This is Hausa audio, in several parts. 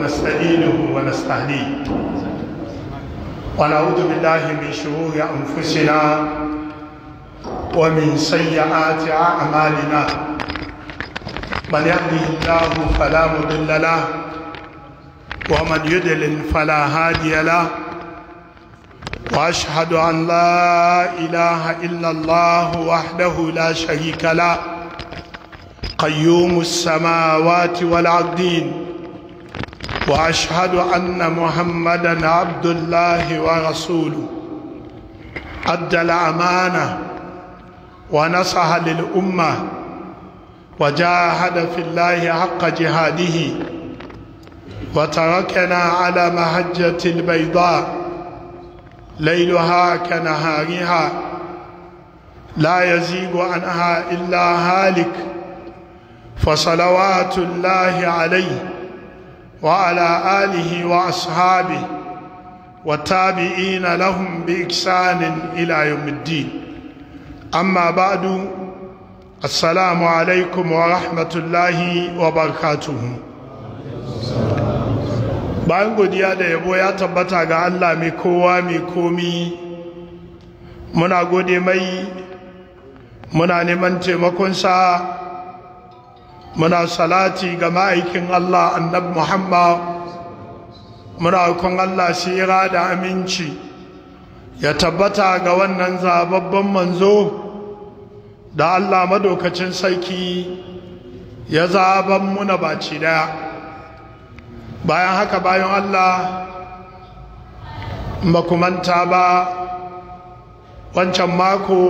ونستعينه ونستهديه ونعوذ بالله من شرور أنفسنا ومن سيئات أعمالنا من يهده الله فلا مضل له ومن يدلل فلا هادي له واشهد ان لا اله الا الله وحده لا شريك له قيوم السماوات والعبدين واشهد ان محمدا عبد الله ورسوله ادى الامانه ونصح للامه وجاهد في الله حق جهاده وتركنا على مهجه البيضاء ليلها كنهارها لا يزيغ عنها الا هالك فصلوات الله عليه وعلى آله وأصحابه والتابعين لهم بإحسان إلى يوم الدين أما بعد السلام عليكم ورحمة الله وبركاته bayan godiya da yabo ya tabbata ga Allah mai kowa mai komi muna gode mai muna neman taimakonsa muna salati ga ma'aikin Allah annab Muhammad muna kun Allah shi ira da aminci ya tabbata ga wannan zababban manzo da Allah madaukacin sarki ya zaban muna baci daya bayan haka bayan Allah makumanta ba wancan mako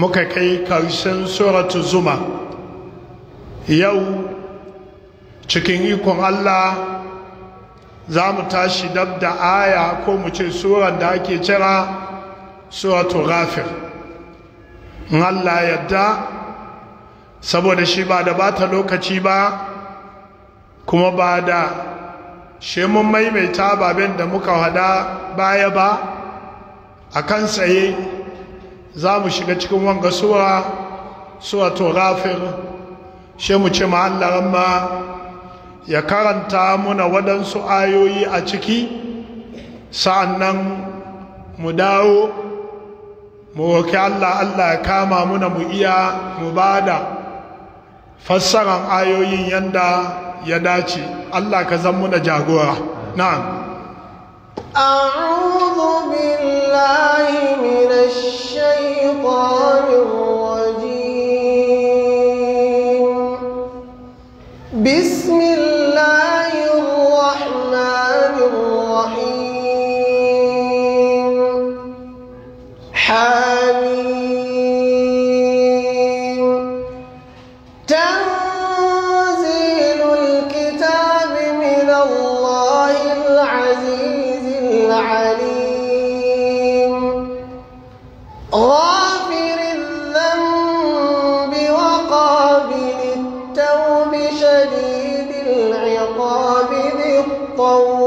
muka kai karshen suratu zuma yau cikin ikon Allah za mu tashi dab da aya ko mu ce tsoron da ake cira suratu ghafir in Allah yadda saboda shi ba da bata lokaci ba kuma ba da shi mun maimaita baben da muka hada baya ba a kan tsaye za mu shiga cikin wanga sura suratu shi mu ce ma'allaran ya karanta muna waɗansu ayoyi a ciki sa'annan mu dawo mu roƙi Allah Allah ya kama muna mu iya mu bada fassaran ayoyin yadda ya dace Allah ka zan muna jagora na'am أعوذ بالله من الشيطان الرجيم غافر الذنب وقابل التوب شديد العقاب ذي الطول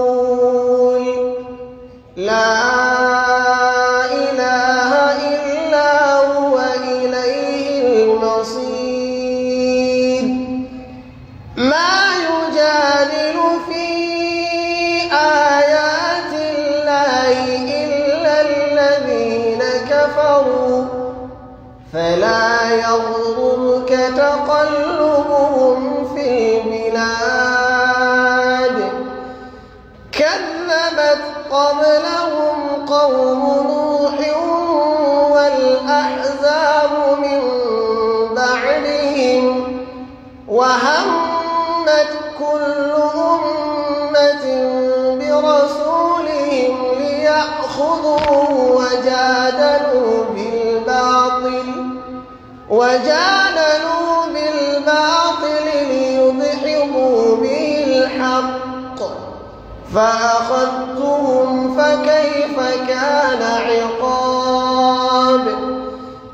يغرك تقلبهم في البلاد كذبت قبلهم قوم وجادلوا بالباطل ليدحضوا به الحق فأخذتهم فكيف كان عقاب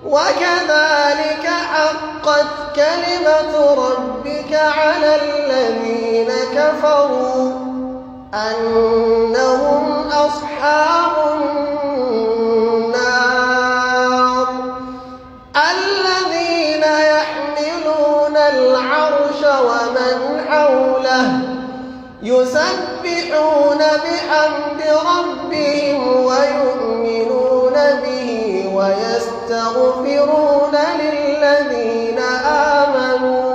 وكذلك حقت كلمة ربك على الذين كفروا أنهم أصحاب النار يسبحون بحمد ربهم ويؤمنون به ويستغفرون للذين آمنوا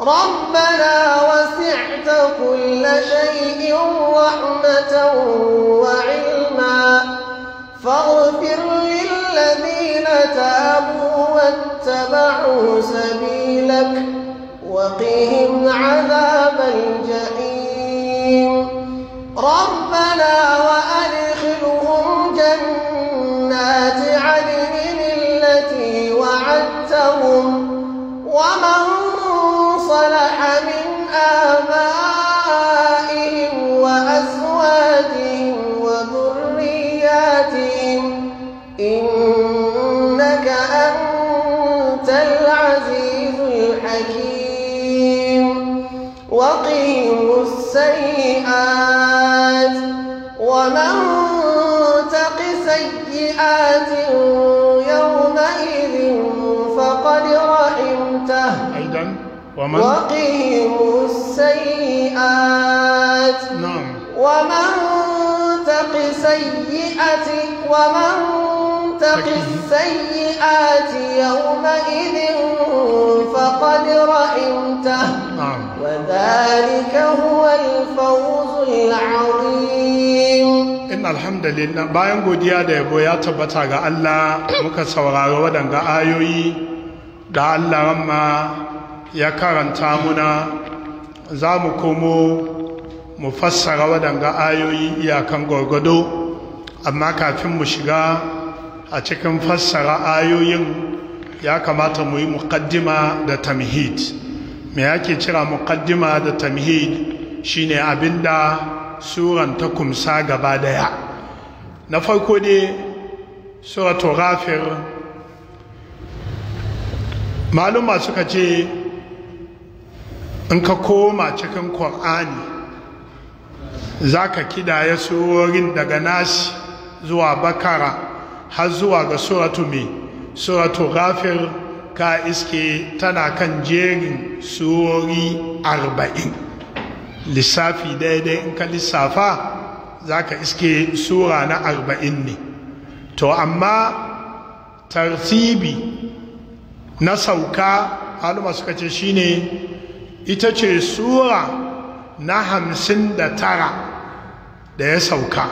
ربنا وسعت كل شيء رحمة وعلما فاغفر للذين تابوا واتبعوا سبيلك وقهم عذاب الجحيم ربنا وأدخلهم جنات عدن التي وعدتهم ومن صلح من آبائهم وأزواجهم وذرياتهم إنك أنت العزيز الحكيم وقيموا السيئات ومن تق سيئات يومئذ فقد رحمته أيضا ومن وقهم السيئات نعم ومن تق سيئات ومن تق السيئات يومئذ فقد رحمته نعم وذلك هو الفوز العظيم إن الحمد لله bayan godiya da yabo ya tabbata ga Allah muka saurari waɗanga ayoyi da Allah amma ya karanta muna za mu komo mu fassara waɗanga ayoyi iyakan gwargwado amma kafin mu shiga a cikin fassara ayoyin ya kamata mu yi muƙaddima da tamhid me yake cira muqaddima da tamhid shine abinda suran ta kumsa gaba daya na farko ne suratul ghafir maluma suka ce in ka koma cikin Ƙur'ani zaka kidaya surorin daga nasi zuwa bakara har zuwa ga suratu me suratul ghafir ka iske tana kan jerin surori arba'in lissafi daidai in ka lissafa za ka iske sura na arba'in ne to amma tartibi na sauka haluma suka ce shine ita ce sura na hamsin da tara da ya sauka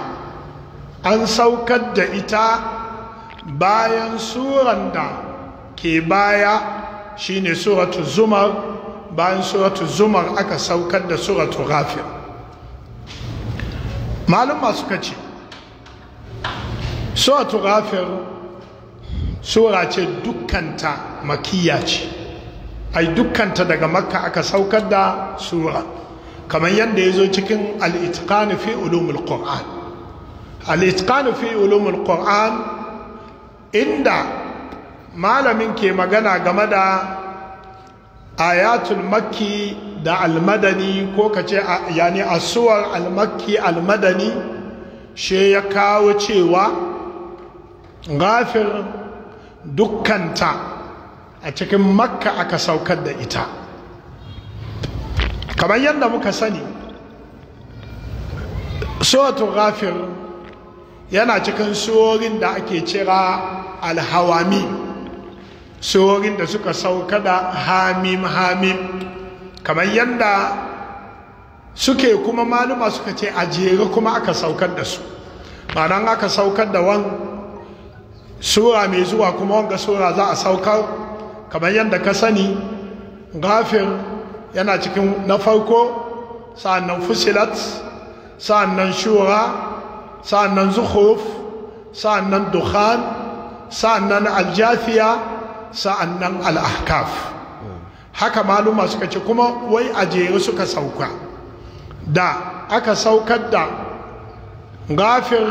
an saukar da ita bayan suran da ke baya shine suratu zumar bayan suratu zumar aka saukar da suratu ghafir maluma suka ce suratu ghafir sura ce dukkanta makiya ce ai dukkanta daga makka aka saukar da sura kamar yadda ya zo cikin al'itqani fi ulumul qur'an al'itqani fi ulumul qur'an inda malamin ke magana game da ayatul makki da almadani ko ka ce yani asuwar almakki almadani she ya kawo cewa gafir dukkanta a cikin makka aka saukar da ita kamar yadda muka sani suwatu gafir yana cikin suworin da ake cira alhawami surorin da suka sauka da hamim hamim kamar yadda suke kuma maluma suka ce a jere kuma aka saukar da su ma'anan aka saukar da wan sura mai zuwa kuma wanga sura za a saukar kamar yadda ka sani gafin yana cikin na farko sa'annan fusilat sa'annan shura sa'annan zuhuf sa'annan dukhan sa'annan aljafiya sa'annan al'ahkaf haka maluma suka ce kuma wai a suka sauka da aka saukar da gafir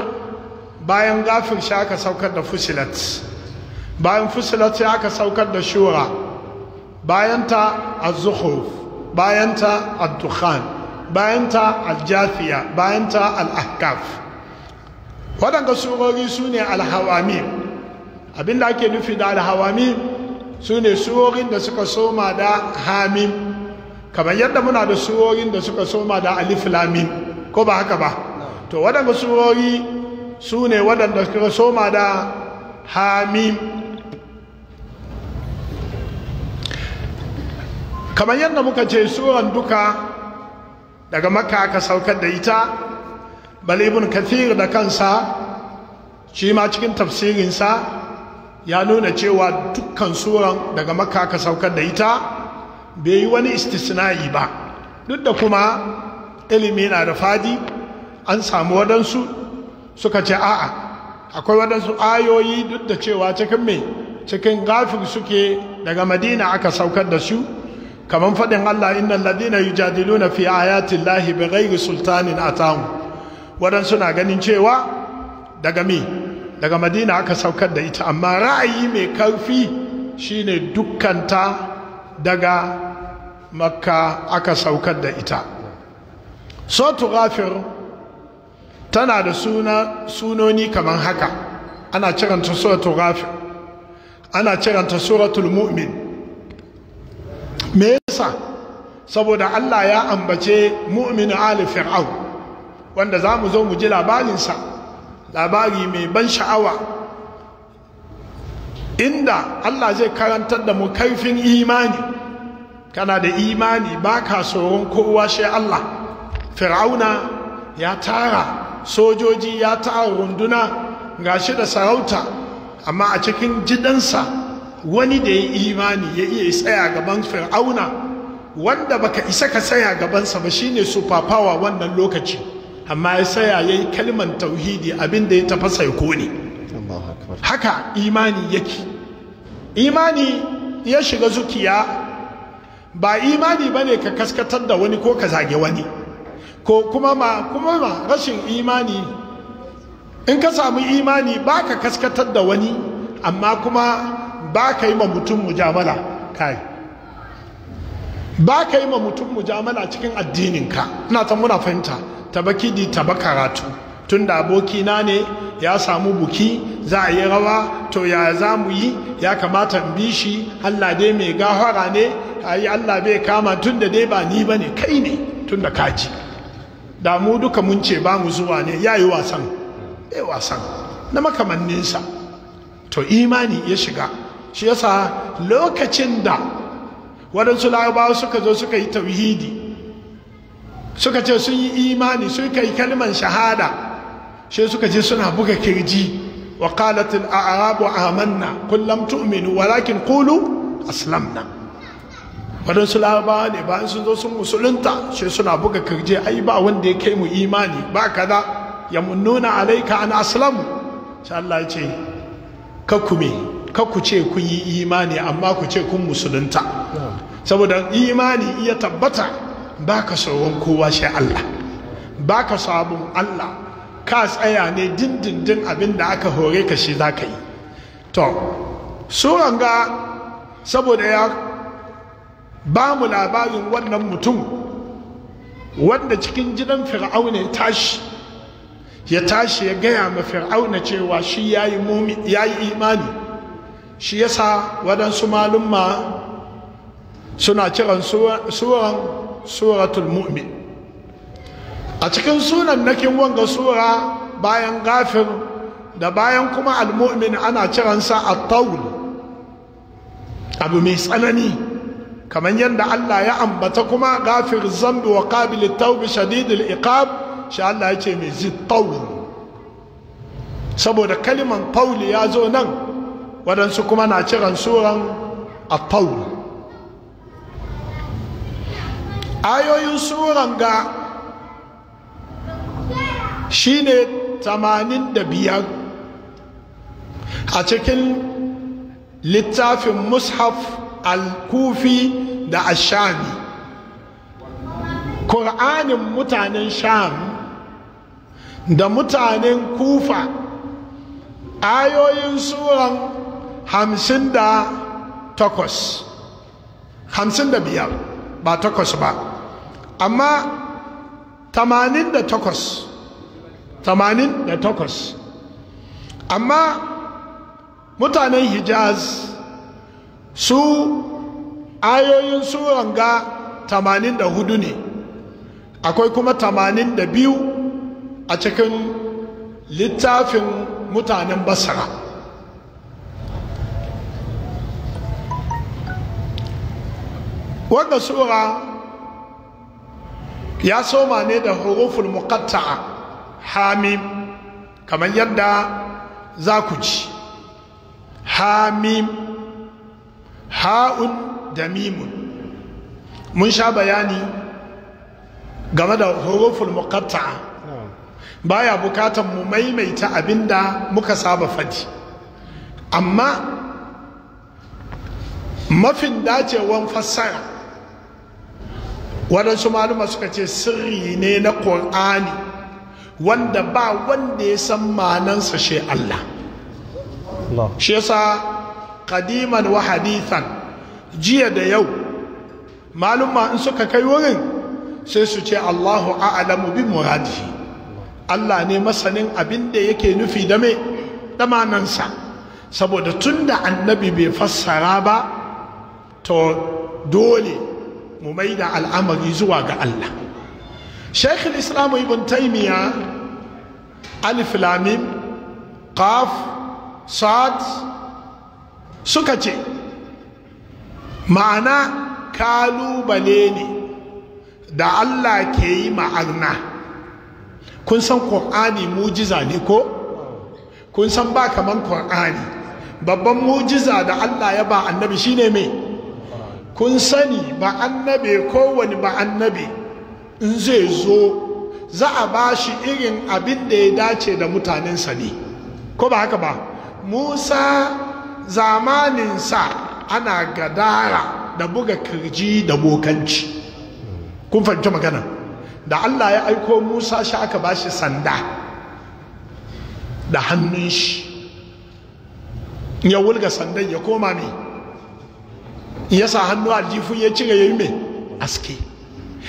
bayan gafir shi aka saukar da fusilat bayan fusilat sai aka saukar da shura bayanta az-zukhruf bayanta ad-dukhan bayanta al-jafiya bayanta al-ahkaf waɗanda surori su ne alhawami abinda ake nufi da alhawami su ne suworin da suka soma da hamim kamar yadda muna da suworin da suka soma da alif lamim ko ba haka ba to waɗanda suwori su ne waɗanda suka soma da hamim kamar yadda muka ce suran duka daga maka aka saukar da ita balibin kafir da kansa shi ma cikin tafsirinsa ya nuna cewa dukkan suran daga makka aka saukar da ita bai yi wani istisna'i ba duk da kuma ilimi na da fadi an samu waɗansu suka ce a'a akwai waɗansu ayoyi duk da cewa cikin mai cikin gafin suke daga madina aka saukar da su kamar faɗin allah inna ladina yujadiluna fi ayatin lahi bi ghairi sultanin atahu waɗansu na ganin cewa daga me daga madina aka saukar da ita amma ra'ayi mai karfi shine dukkanta daga makka aka saukar da ita sotu ghafir tana da suna sunoni kamar haka ana ciranta suratul ghafir ana ciranta suratul mu'min me yasa saboda Allah ya ambace mu'min ali fir'aun wanda za mu zo mu ji labarinsa labari mai ban sha'awa inda Allah zai karantar da mu karfin imani kana da imani ba ka tsoron kowa shi Allah fir'auna ya tara sojoji ya tara runduna ga shi da sarauta amma a cikin jidansa wani da ya imani ya iya tsaya gaban fir'auna wanda baka isa ka tsaya gabansa ba shine super power wannan lokaci amma ya saya ya yi kalman tauhidi abinda ya tafasa ya kone haka imani yake imani ya shiga zukiya ba imani ba ne ka kaskatar da wani ko ka zage wani ko kuma ma kuma ma rashin imani in ka samu imani ba ka kaskatar da wani amma kuma ba ka yi ma mutum mujamala kai ba ka yi ma mutum mujamala cikin addininka ina ta muna fahimta taba kidi taba karatu tunda abokina ne ya samu buki za a yi rawa to ya za mu yi ya kamata in bi shi Allah dai mai gahara ne ayi Allah bai kama tunda dai ba ni bane kai ne tunda kaji da mu duka mun ce ba mu zuwa ne ya yi wasan ya wasan na makamanninsa to imani ya shiga shi yasa lokacin da waɗansu larabawa suka zo suka yi tauhidi suka ce sun yi imani suka yi kalman shahada sai suka ce suna buga kirji wa qalat a'rabu amanna qul lam tu'minu walakin qulu aslamna wadansu larabawa ne bayan sun zo sun musulunta sai suna buga kirji ai ba wanda ya kai mu imani ba kaza yamunnuna alaika an aslamu sai Allah ya ce ka kume ka ku ce kun yi imani amma ku ce kun musulunta saboda imani iya tabbata ba ka tsoron kowa shi Allah ba ka sabon Allah ka tsaya ne dindindin abin da aka hore ka shi za ka yi to suran ga saboda ya ba mu labarin wannan mutum wanda cikin gidan fir'auna ya tashi ya tashi ya gaya ma fir'auna cewa shi ya yi imani shi ya sa waɗansu malumma suna kiran suran suratul mu'min a cikin sunan nakin wanga sura bayan gafir da bayan kuma al-mu'min ana ciransa a tawl abu mai tsanani kamar yadda Allah ya ambata kuma gafir zambi wa qabil tawbi shadidul iqab sha Allah ya ce mai zid tawl saboda kaliman fauli ya zo nan waɗansu kuma na ciran suran a fauli ayoyin suran ga shine 85 a cikin littafin mushaf al-kufi da ashami ƙur'anin mutanen sham da mutanen kufa ayoyin suran hamsin takwas hamsin da biyar ba takwas ba amma 88 88 amma mutanen hijaz su ayoyin suran ga 84 ne akwai kuma 82 a cikin littafin mutanen basara wanda sura ya soma ne da huruful muqatta'a hamim kamar yadda za ku ci hamim ha'un da mimun mun sha bayani game da huruful muqatta'a baya bukatan mu maimaita abinda muka saba fadi amma mafin dacewan fassara waɗansu maluma suka ce sirri ne na ƙur'ani wanda ba wanda ya san manansa shi Allah shi yasa kadiman wa hadithan jiya da yau maluma in suka kai wurin sai su ce Allahu a'lamu bi muradihi Allah ne masanin abin da yake nufi da me da manansa saboda tunda annabi bai fassara ba to dole mu mai da al'amari zuwa ga Allah shaikh islam ibn taimiya alif lamim qaf sad suka ce ma'ana kalubale ne da Allah ke yi ma'arna kun san ƙur'ani mujiza ne ko kun san ba kaman Kur'ani? babban mujiza da Allah ya ba annabi shine mai kun sani ba annabe kowane ba annabe in zai zo za a ba shi irin abin da ya dace da mutanensa ne ko ba haka ba musa zamaninsa ana gadara da buga kirji da bokanci kun fahimci magana da allah ya aiko musa shi aka ba shi sanda da hannun shi ya wulga sandan ya koma mai ya sa hannu aljifin ya cire ya yi mai aske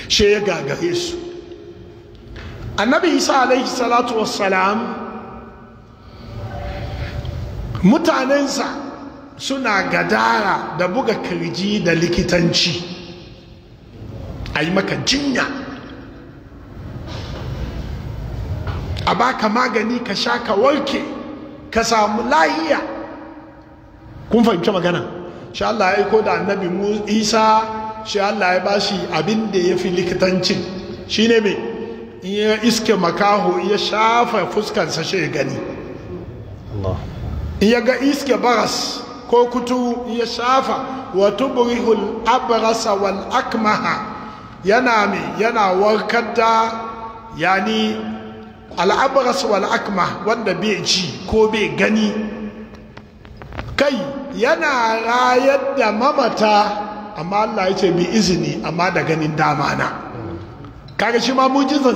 she ya gagare su annabi isa alaihi salatu wassalam mutanensa suna gadara da buga kirji da likitanci a yi maka jinya a baka magani ka sha ka warke ka samu lahiya kun fahimci magana shi Allah ya aiko da annabi Isa shi Allah ya bashi abinda da ya fi likitancin shi ne mai ya iske makaho ya shafa fuskansa shi ya gani in ya ga iske baras ko kutu ya shafa wa tubrihul abrasa wal akmaha yana mai yana warkar da yani al'abras wal wanda bai ji ko bai gani kai yana rayar da mamata amma Allah ya ce bi izini amma da ganin dama na kaga shi ma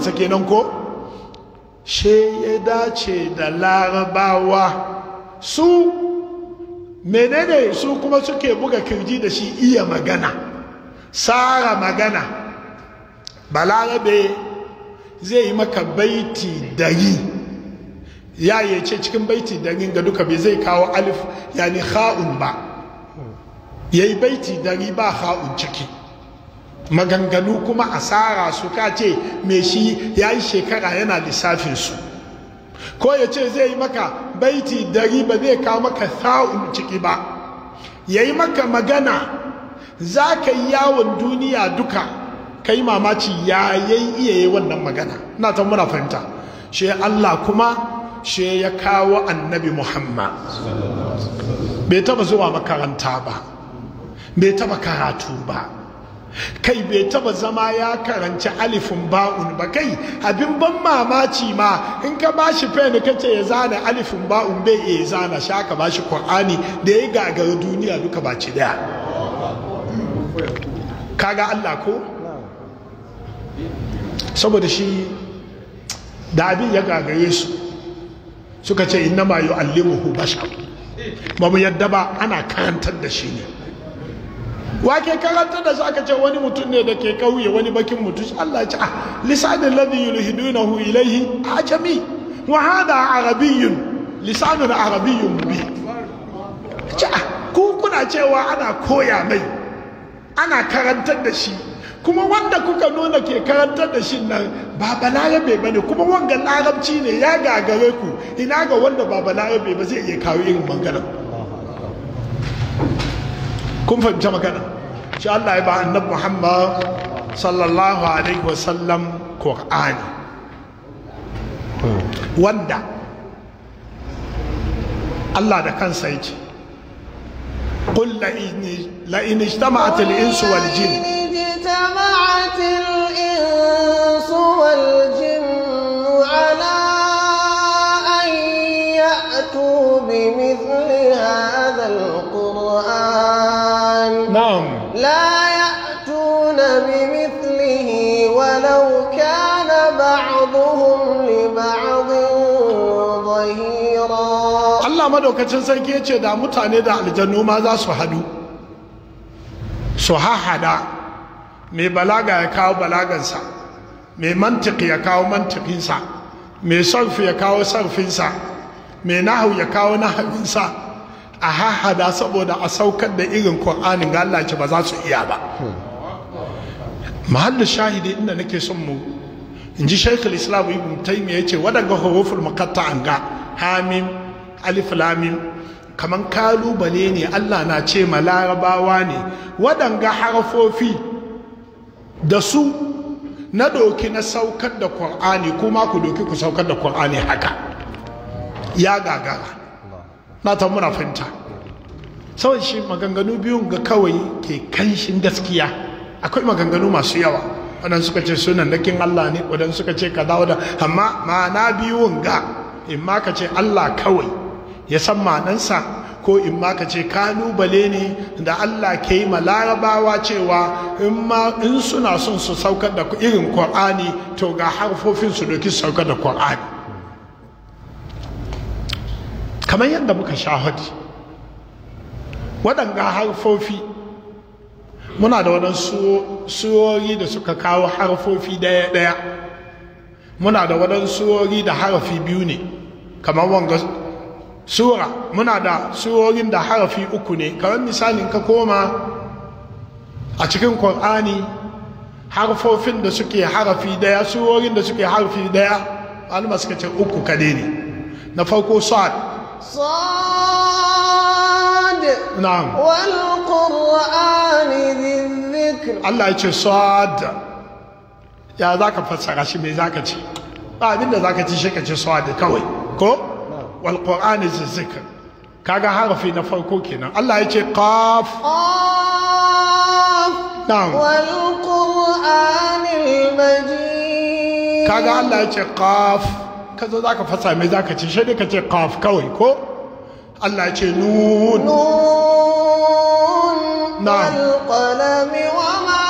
sa kenan ko she ya dace da larabawa su menene su kuma suke buga kirji da shi iya magana Sara magana balarabe zai yi maka baiti da yi ya ya ce cikin baiti dari ga duka bai zai kawo alif yani kha'un ba Ya yi baiti dari ba kha'un ciki maganganu kuma asara su ka ce mai shi ya yi shekara yana lissafin su ko ya ce zai yi maka baiti dari ba zai kawo maka sa'un ciki ba ya yi maka magana za ka yi yawon duniya duka Ka yi mamaci ya yi iya yi wannan magana na ta muna fahimta shi Allah kuma she ya kawo annabi muhammad bai taba zuwa makaranta ba bai taba karatu ba kai bai taba zama ya karanci alifin ba'un ba kai abin ban mamaci ma in ka bashi fen ka ce ya zana alifin ba'un bai iya zana sha ka bashi qur'ani da ya gagara duniya duka baci daya kaga Allah ko saboda shi da abin ya gagare su suka ce inna ma yu'allimuhu bashar ba mu yadda ba ana karantar da shi ne wake karantar da shi aka ce wani mutum ne da ke kauye wani bakin mutum Allah ya ce ah lisanin ladhi a ilayhi ajami wa hada arabiyyun lisanin arabiyyun bi ce ah ku kuna cewa ana koya mai ana karantar da shi kuma wanda kuka nuna ke karantar da shi nan ba balarabe ba ne kuma wanga larabci ne ya gagare ku ina ga wanda ba balarabe ba zai iya kawo irin mangana. kun fahimci magana shi Allah ya ba annabi Muhammad sallallahu alaihi wasallam Qur'ani wanda Allah da kansa yake قل لئن لئن اجتمعت الإنس والجن اجتمعت الإنس والجن على أن يأتوا بمثل هذا القرآن نعم لا Allah madaukacin sarki ya ce da mutane da aljannu ma za su hadu su hahada mai balaga ya kawo balagansa mai mantiki ya kawo mantikinsa mai sarfi ya kawo sarfinsa mai nahu ya kawo nahawinsa a hahada saboda a saukar da irin ƙur'anin ga Allah ce ba za su iya ba mahallin shahidi inda nake son mu in ji shaikh islam ibn ce, yace wadanga makatta an ga hamim alif lamim kaman kalubale ne Allah na ce ma larabawa ne waɗanga harfofi da su na doki na saukar da ƙwar'ani kuma ku doki ku saukar da ƙwar'ani haka ya gagara na ta muna fanta shi maganganu biyun ga kawai ke kanshin gaskiya akwai maganganu masu yawa waɗanda suka ce sunan dakin Allah ne waɗanda suka ce kaza wadanda amma ma na biyun ga in ma ka ce Allah kawai ya san manansa ko in ma ka ce kalubale ne da Allah ke yi ma larabawa cewa in ma in suna son su saukar da irin Qur'ani to ga harfofin su doki su saukar da Qur'ani kamar yadda muka sha waɗanga harfofi muna da waɗansu surori da suka kawo harfofi ɗaya-ɗaya muna da waɗansu surori da harafi biyu ne kamar wanga sura muna da surorin da harafi uku ne kamar misalin ka koma a cikin Kur'ani harfofin da suke harafi daya surorin da suke harafi daya alma suka ce uku kade ne na farko sa'ad sa'ad na wal qur'ani Allah ya ce sa'ad ya za ka fassara shi me ka ce ba abinda ka ci shi ka ce sa'ad kawai ko wal qur'ani zikr kaga harafi na farko kenan Allah yace ce qaf na'am wal qur'ani majid kaga Allah yace ce qaf kazo zaka fasa me zaka ce shi kace qaf kawai ko Allah yace nun nun na'am wal qalami wama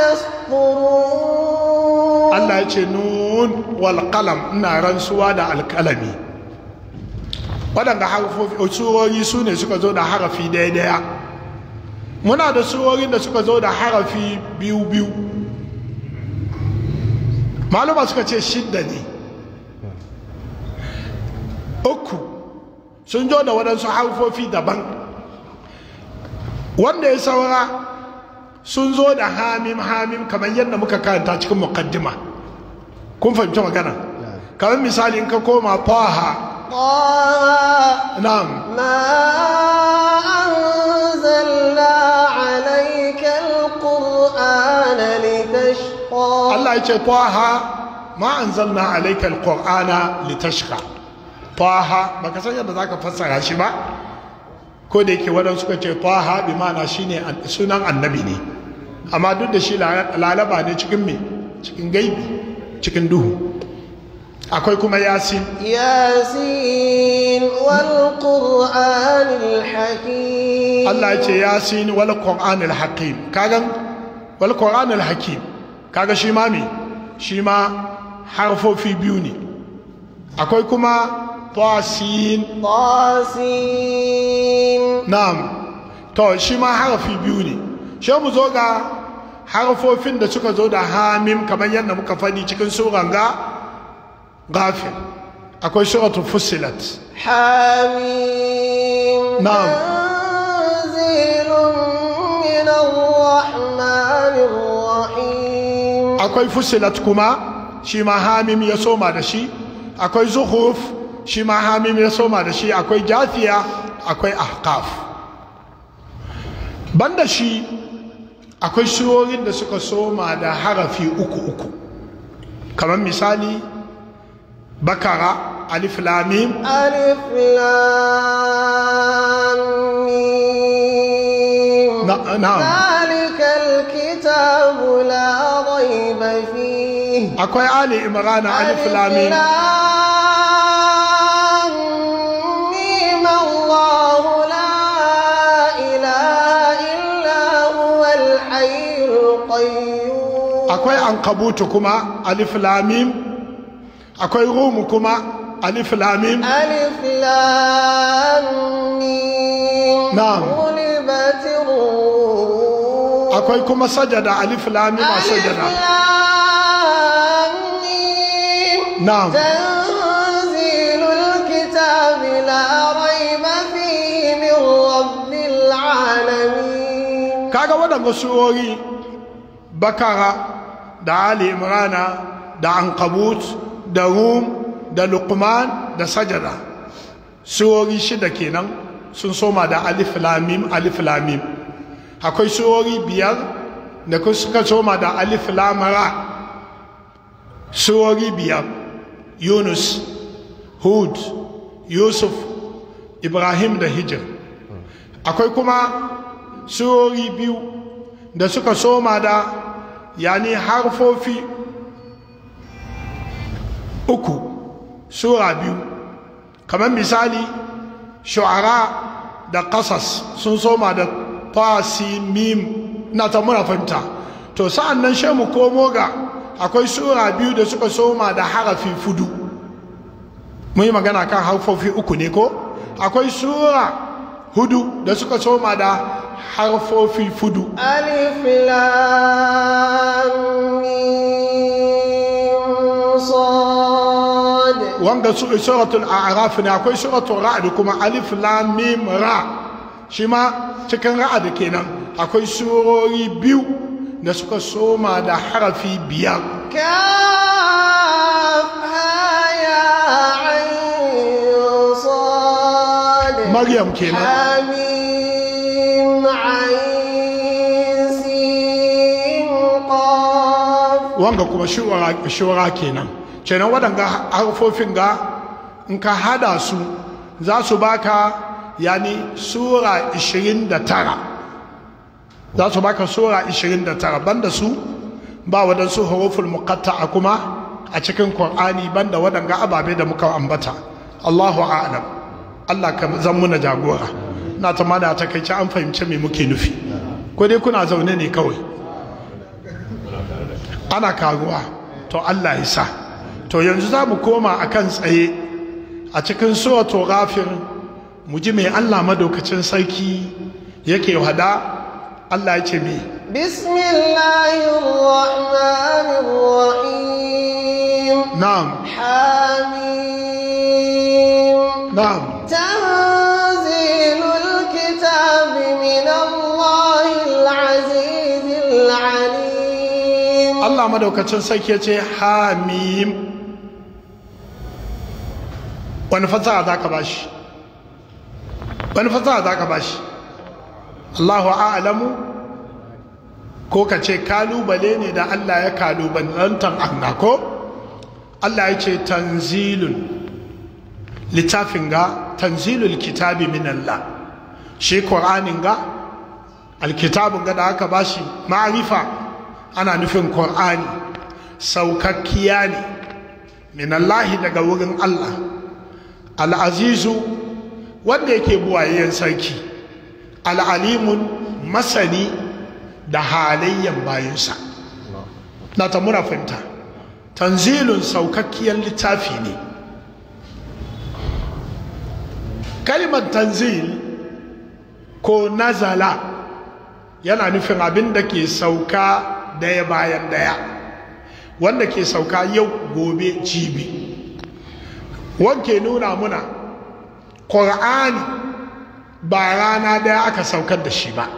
yasqurun Allah yace nun wal ina rantsuwa da alkalami waɗanda harfofi surori su ne suka zo da harafi daidaya muna da surorin da suka zo da harafi biyu-biyu maluma suka ce shidda ne uku sun zo da waɗansu harfofi daban wanda ya saura sun zo da hamim-hamim kamar yadda muka karanta cikin mukaddima kun fahimci magana kamar misali in ka koma faha طه نعم ما أنزلنا عليك القرآن لتشقى الله يقول طه ما أنزلنا عليك القرآن لتشقى طه ما كسر يد ذاك فسر هشبا ko da yake waɗansu suka ce taha bi ma'ana shine sunan annabi ne amma duk da shi lalaba ne cikin me cikin gaibi cikin duhu akwai kuma yasin yasin wal qur'anil Allah ce yasin wal qur'anil hakim kagan wal qur'anil hakim kaga shi ma mi shi ma harfofi biyu ne akwai kuma tasin tasin na'am to shi ma harfi biyu ne shi mu zo ga harfofin da suka zo da hamim kamar yadda muka faɗi cikin suran ga غافل أكوي سورة فصلت حميم نعم تنزيل من الرحمن الرحيم أكوي فصلت كما شما حاميم يسوما دشي أكوي زخرف شما حاميم يسوما دشي أكوي جاثية أكوي أحقاف banda shi akwai surorin da suka soma da harafi uku uku kamar misali بكرة ألف لاميم ألف لاميم نعم ذلك الكتاب لا ريب فيه أكوي آل إمران ألف لاميم ميم akwai ankabutu kuma alif lamim أكوي غومكما ألف لامين ألف لامين نعم غلبت الروم أكوي كما سجد ألف لامين وسجد ألف لامين نعم تنزيل الكتاب لا ريب فيه من رب العالمين كاغا ودا مسؤولي بكرة دعالي إمرانا دعن قبوت da rum da luqman da sajada surori shida kenan sun soma da alif lamim alif lamim akwai surori biyar da suka soma da alif lamara surori biyar yunus hud yusuf ibrahim da hijir akwai kuma surori biyu da suka soma da yani harfofi uku sura biyu kamar misali shu'ara da kasas sun soma da mim na ta muna to sa'an nan mu komo ga akwai sura biyu da suka soma da harafi fudu mun yi magana kan harfofi uku ne ko akwai sura hudu da suka soma da harfofi fudu alif lam mim وانغا سورة الأعراف ناكوي سورة رعد كما ألف لام ميم را شما تكن رعد كينام أكوي سورة بيو نسكو سوما دا حرفي بيا كاف هيا عين صالح مريم كينام حميم عين سين قاف وانغا كما شورا كينام kenan waɗanga harfofin ga in ka hada su za su baka yani sura 29 za su baka sura 29 banda su ba waɗansu haruful mukatta a kuma a cikin ƙwar'ani banda waɗanga ababe da muka ambata Allahu a'lam Allah ka zan muna jagora na ta mana ta kai an fahimci me muke nufi ko dai kuna zaune ne kawai ana karuwa to Allah ya sa to yanzu za mu koma a kan tsaye a cikin suwato gafir mu ji mai Allah madaukacin sarki yake hada Allah ya ce me bismillahirrahmanirrahim na'am hamim na'am tanzilul kitabi min Allahil azizil alim Allah madaukacin sarki ya ce hamim wani fasaha za ka bashi wani fasaha za ka bashi Allahu a'lamu ko ka ce kalubale ne da Allah ya kalubalantar anna ko Allah ya ce tanzilun littafin ga tanzilul kitabi min Allah shi Qur'anin ga alkitabin ga da aka bashi ma'arifa ana nufin Kur'ani saukakkiya ne min daga wurin Allah al'azizu wanda yake buwayen sarki al'alimun masani da halayyan bayansa na ta muna fahimta tanzilun saukakkiyar littafi ne kalimar tanzil ko nazala yana nufin abin da ke sauka daya bayan daya wanda ke sauka yau gobe jibi wanke nuna muna ƙur'ani ba rana daya aka saukar da shi ba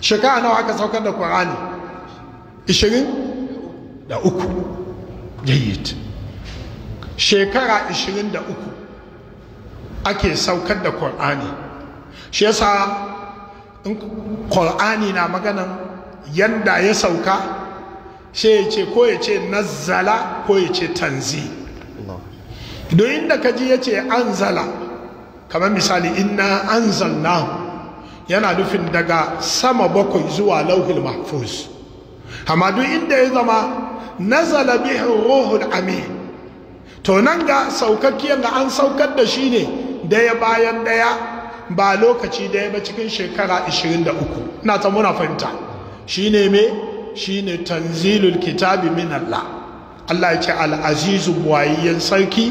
shekara nawa aka saukar da ƙur'ani 20 da uku ta. shekara 23 ake saukar da ƙur'ani shi yasa ƙur'ani na maganan yadda ya sauka shi ya ce ko ya ce nazzala ko ya ce tanzi don da ka ji ya ce anzala kamar misali inna anzalna yana nufin daga sama bakwai zuwa lauhil mahfuz amma duk inda ya zama nazala bihin ruhul amin to nan ga saukakkiyar ga an saukar da shi ne daya bayan daya ba lokaci daya ba cikin shekara 23 na ta muna fahimta shi ne me shi ne tanzilul kitabi min Allah Allah ya ce al'azizu buwayayyen sarki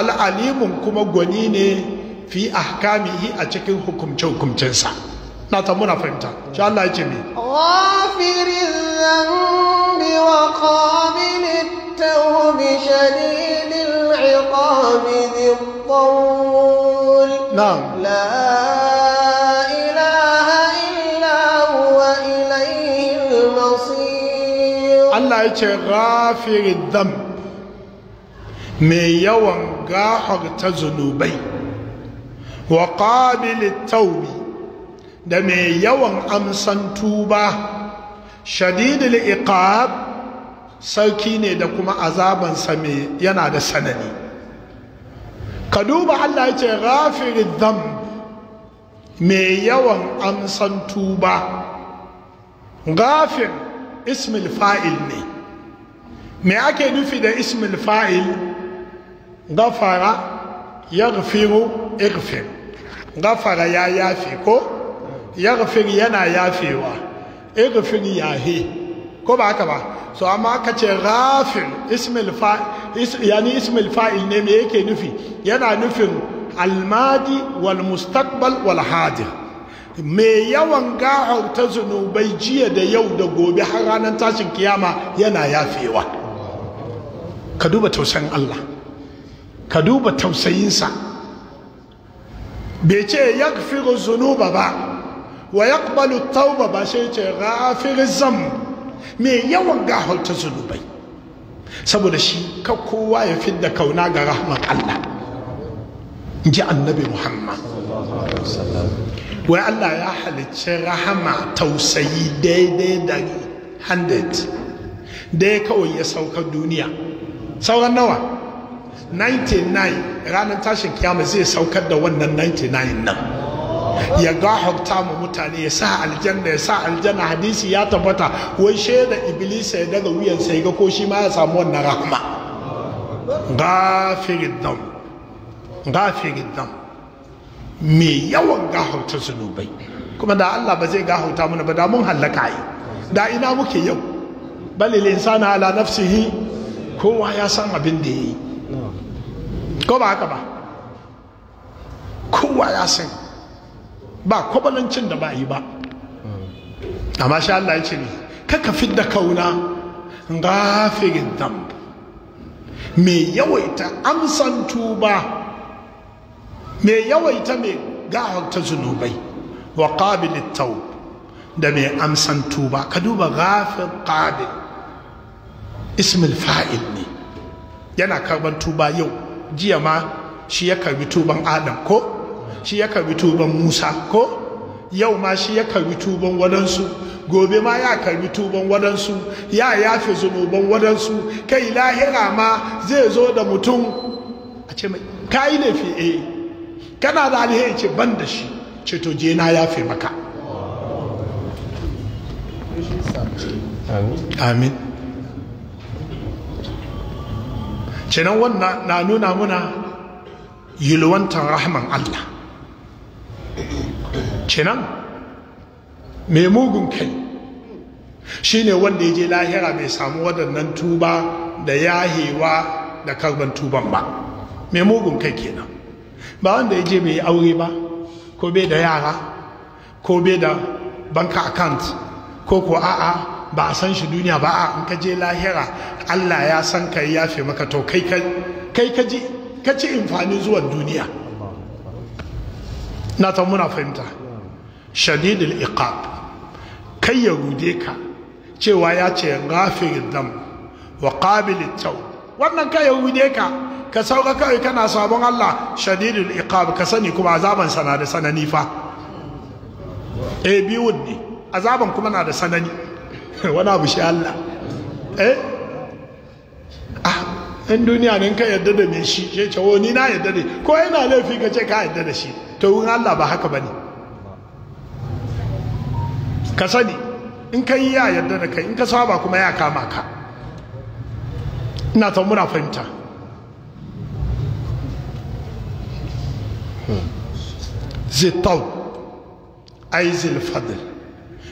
al'alimun kuma gwani ne fi ahkamihi a cikin hukumce hukumcensa na ta muna fahimta shi Allah ya ce me ghafirin zambi wa qabilin tawbi shadidil na'am la Allah ya ce ghafiri dhanb mai yawan ta zunubai wa ƙabilin taubi da mai yawan amsan tuba shadidul iqab sarki ne da kuma azabansa mai yana da sanani ka duba allah ce ghafirin dam mai yawan amsan tuba gafin ismil fa'il ne me ake nufi da ismil fa'il gafara yaghfiru ighfir gafara ya yafi ko yaghfir yana yafewa ighfir yahe ko ba haka ba so amma aka ce ismil fa yani ismil fa'il ne me yake nufi yana nufin almadi wal mustaqbal wal hadir mai yawan ta zunubai jiya da yau da gobe har ranar tashin kiyama yana yafewa ka duba tausayin Allah ka duba tausayinsa bai ce ya firu zunuba ba wa ya tauba ba sai ce rafir mai yawan gafarta zunubai saboda shi ka kowa ya fidda kauna ga rahmar Allah in ji annabi Muhammad wai Allah ya halicci rahama tausayi daidai da 100 dai kawai ya sauka duniya sauran nawa 99 ranar tashin kiyama zai saukar da wannan 99 nan ya gahauta mu mutane ya sa aljanna ya sa aljanna hadisi ya tabbata wai shaida iblis ya daga wuyan sai ga ko shi ma ya samu wannan rahma gafirin dam gafirin dam me yawan gahauta zunubai kuma da Allah ba zai gahauta mana ba da mun hallaka yi da ina muke yau balil insana ala nafsihi kowa ya san abin da yayi ko ba haka ba kowa ya san ba kwabalancin da ba yi ba amma sha Allah ya ce ne kaka da kauna gafirin damb mai yawaita amsan tuba mai yawaita mai gafarta zunubai wa qabilit taub da mai amsan tuba ka duba gafir qabil ismul fa'il ne yana karban tuba yau jiya ma shi ya karbi tuban adam ko shi ya karbi tuban musa ko yau ma shi ya karbi tuban wadansu gobe ma ya karbi tuban wadansu ya yafe zunuban wadansu kai lahira ma zai zo da mutum a ce mai kayi fi eh kana da alheri ce ban da shi ce to je na yafe maka amin kenan wannan na nuna muna yulwantar rahman Allah kenan mai mugun kai shine wanda ya je lahira bai samu waɗannan tuba da yahewa da karban tuban ba mai mugun kai kenan ba wanda ya je bai aure ba ko bai da yara ko bai da banka account ko ko a'a ba a san shi duniya ba a in ka je lahira Allah ya san ka ya fi maka to kai kai ka ji ka ci amfani zuwan duniya na ta muna fahimta shadidul iqab kai ya rude ka cewa ya ce ghafirid dam wa qabilit taw wannan kai ya rude ka ka sauka kawai kana sabon Allah shadidul iqab ka sani kuma azaban sana da sanani fa E biyu ne azaban kuma na da sanani wani abu shi Allah eh ah in duniya ne ka yarda da me shi ce ce oh, ni na yarda ne, ko yana laifi ka ce ka yarda da shi to wurin Allah ba haka bane ka sani in ka yi ya yarda da kai in ka saba kuma ya kama ka ina ta muna fahimta zai tau aizil fadil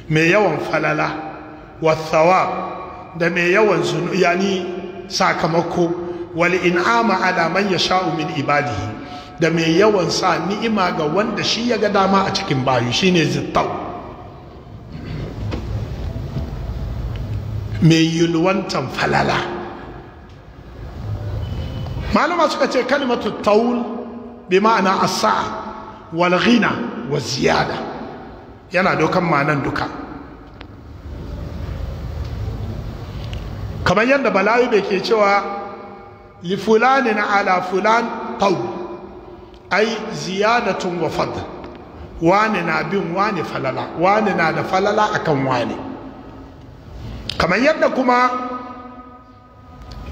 mai yawan falala wathawab da mai yawan zunubi yani sakamako wal in'ama ala man yasha'u min ibadihi da mai yawan sa ni'ima ga wanda shi ya ga dama a cikin bayu shine zittau mai yulwantan falala malama suka ce kalimatu taul bi ma'ana as wal ghina wa ziyada yana dokan ma'anan duka kamar yadda balarabe ke cewa li fulanin ala fulan qawl ai ziyadatun wa fadl wani na bin wani falala wani na da falala akan wani kamar yadda kuma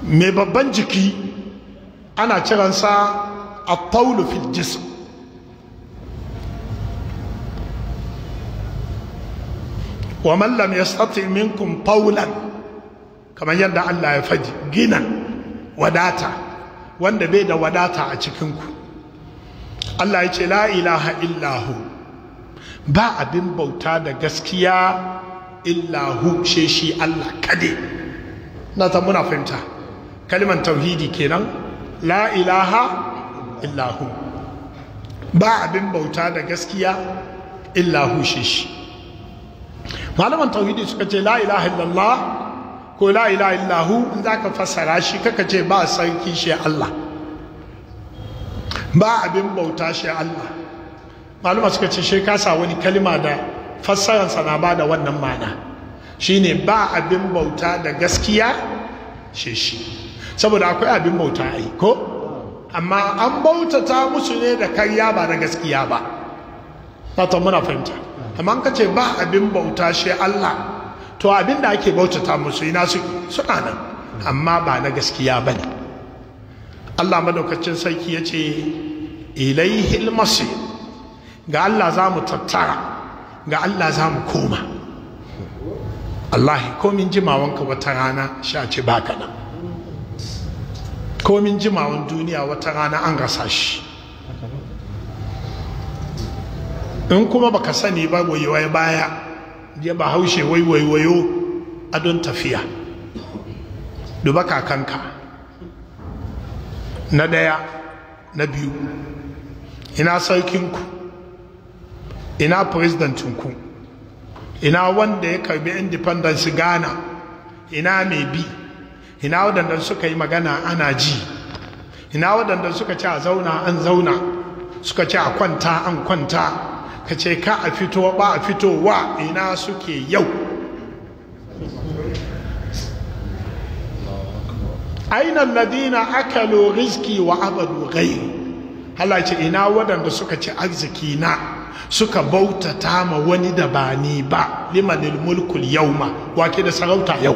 mai babban jiki ana kiransa a taulu fil jism wa mallam ya stati minkum taulan kamar yadda Allah ya faji gina wadata wanda bai da wadata a cikinku Allah ya ce la ilaha illahu ba abin bauta da gaskiya illahu she shi Allah kade na ta muna fahimta kalimar tauhidi kenan la ilaha illahu ba abin bauta da gaskiya illahu she shi malaman tauhidi suka ce la ilaha illallah ko la ilaha illahu in zaka fassara shi kaka ce ba sarki shi Allah ba abin bauta shi Allah maluma suka ce shi kasa wani kalima da fassararsa na bada da wannan mana shine ba abin bauta da gaskiya shi shi saboda akwai abin bauta ai ko amma an bautata musu ne da karya ba da gaskiya ba ta muna fahimta amma ka ce ba abin bauta shi Allah to abin da ake bautata musu ina su suna nan amma ba na gaskiya ba ne Allah madaukacin sarki ya ce ilaihil masir ga Allah za mu tattara ga Allah za mu koma Allah komin jimawanka wata rana sha ce baka nan komin jimawan duniya wata rana an rasa shi in kuma baka sani ba wayewa baya je ba haushe wai a don tafiya duba kakanka na daya na biyu ina sarkinku ina presidentinku ina wanda ya karbi independence ghana ina mai bi ina waɗanda suka yi magana ana ji ina waɗanda suka ce a zauna an zauna suka ce a kwanta an kwanta ka ce ka a fito ba a fitowa ina suke yau ainihin ladina akalo rizki wa abadu gairi halarci ina waɗanda suka ci arziki na suka bautata ma wani da ba ni ba limanil mulkul ma wake da sarauta yau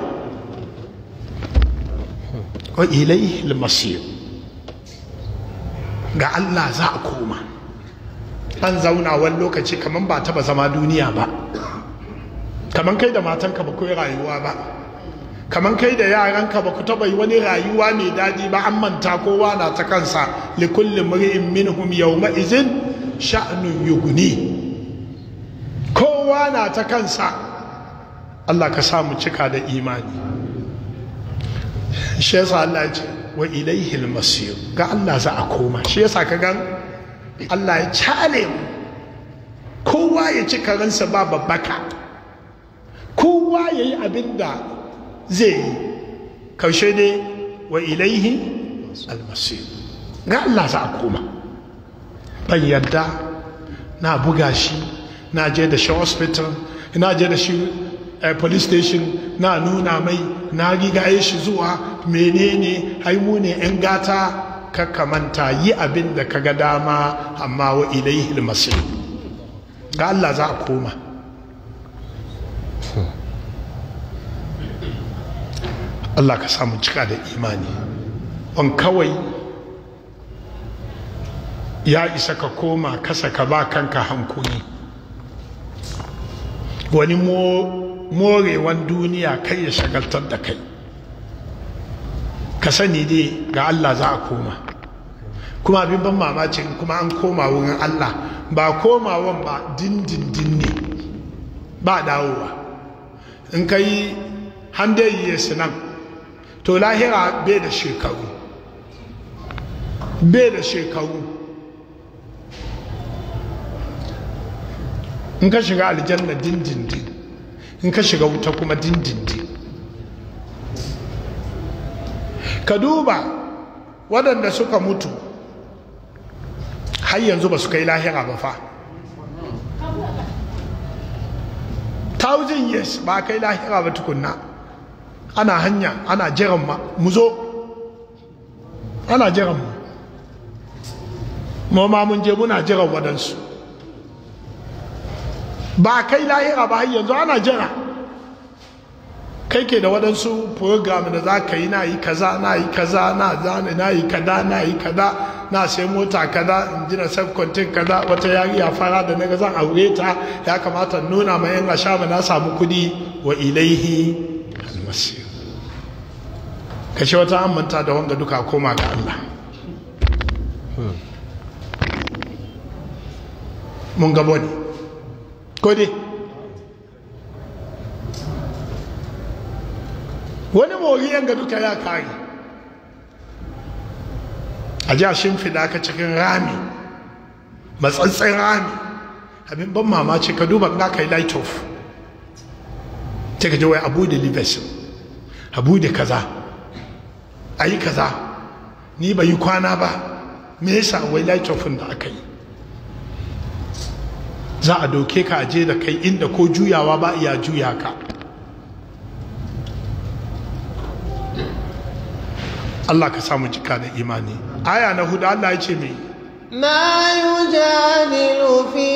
wa ilai masir ga Allah za a koma an zauna wani lokaci kamar ba taba zama duniya ba kamar kai da matanka ba kai rayuwa ba kamar kai da yaranka ba ku taba yi wani rayuwa mai daɗi ba an manta kowa na ta kansa li kulli mri'in minhum yawma izin sha'nun yuguni kowa na ta kansa Allah ka sa mu cika da imani shi yasa Allah ya ce wa ilaihil masir ga Allah za a koma shi yasa ka gan Allah ya cale mu kowa ya ci karansa ba babbaka kowa ya yi abin da zai yi karshe ne wa ilaihi almasir ga Allah za a koma ban yadda na buga shi na je da shi hospital na je da shi eh, police station na nuna mai na riga shi zuwa menene haimu ne 'yan gata ka manta yi abin da ka ga dama amma wa ilaihi almasir ga Allah za a koma Allah ka samu cika da imani on kawai ya isa ka koma kasa ka ba kanka hankuni wani morewan duniya kai ya shagaltar da kai ka sani dai ga Allah za a koma kuma abin ban mamaci kuma an koma wurin Allah ba komawan ba dindindin ne ba dawowa in ka yi hundred yes nan to lahira bai da shekaru bai da shekaru in ka shiga aljanna dindindin in ka shiga wuta kuma dindindin ka duba waɗanda suka mutu har yanzu ba su kai lahira ba fa thousand years ba kai lahira ba tukunna ana hanya ana jiran ma mu zo ana jiran mu ma mun je muna jiran waɗansu ba kai lahira ba har yanzu ana jira kai ke da waɗansu program da za ka yi na yi kaza na yi kaza na zane na yi kada na yi kada na sai mota kada in ji na self kada wata fara da naga zan aure ta ya kamata nuna ma yan asha ba na samu kuɗi wa ilaihi almasir kashe wata amanta da wanga duka koma ga Allah hmm. mun gabo ne ko dai wani moriyan ga duka ya kare a ji a ka cikin rami matsantsan rami abin ban mamaci ka duba ga ka yi light off ta jawai abu da abu da kaza a yi kaza ni ba yi kwana ba me yasa wai light off da aka yi za a doke ka aje da kai inda ko juyawa ba iya juya ka Allah ka samu jika da imani aya na hudu Allah ya ce mai ma yujadilu fi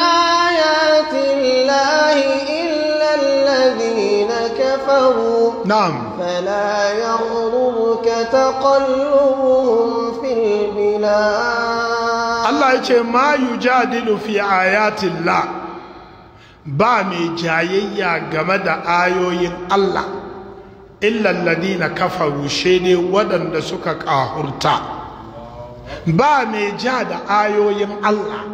ayatin lahi illa alladhina kafaru na'am fala yaghruruka taqallubuhum fil bilad Allah ya ce ma yujadilu fi ayatin la ba mai jayayya game da ayoyin Allah na kafa kafaru ne waɗanda suka ƙahurta ba mai ja da ayoyin Allah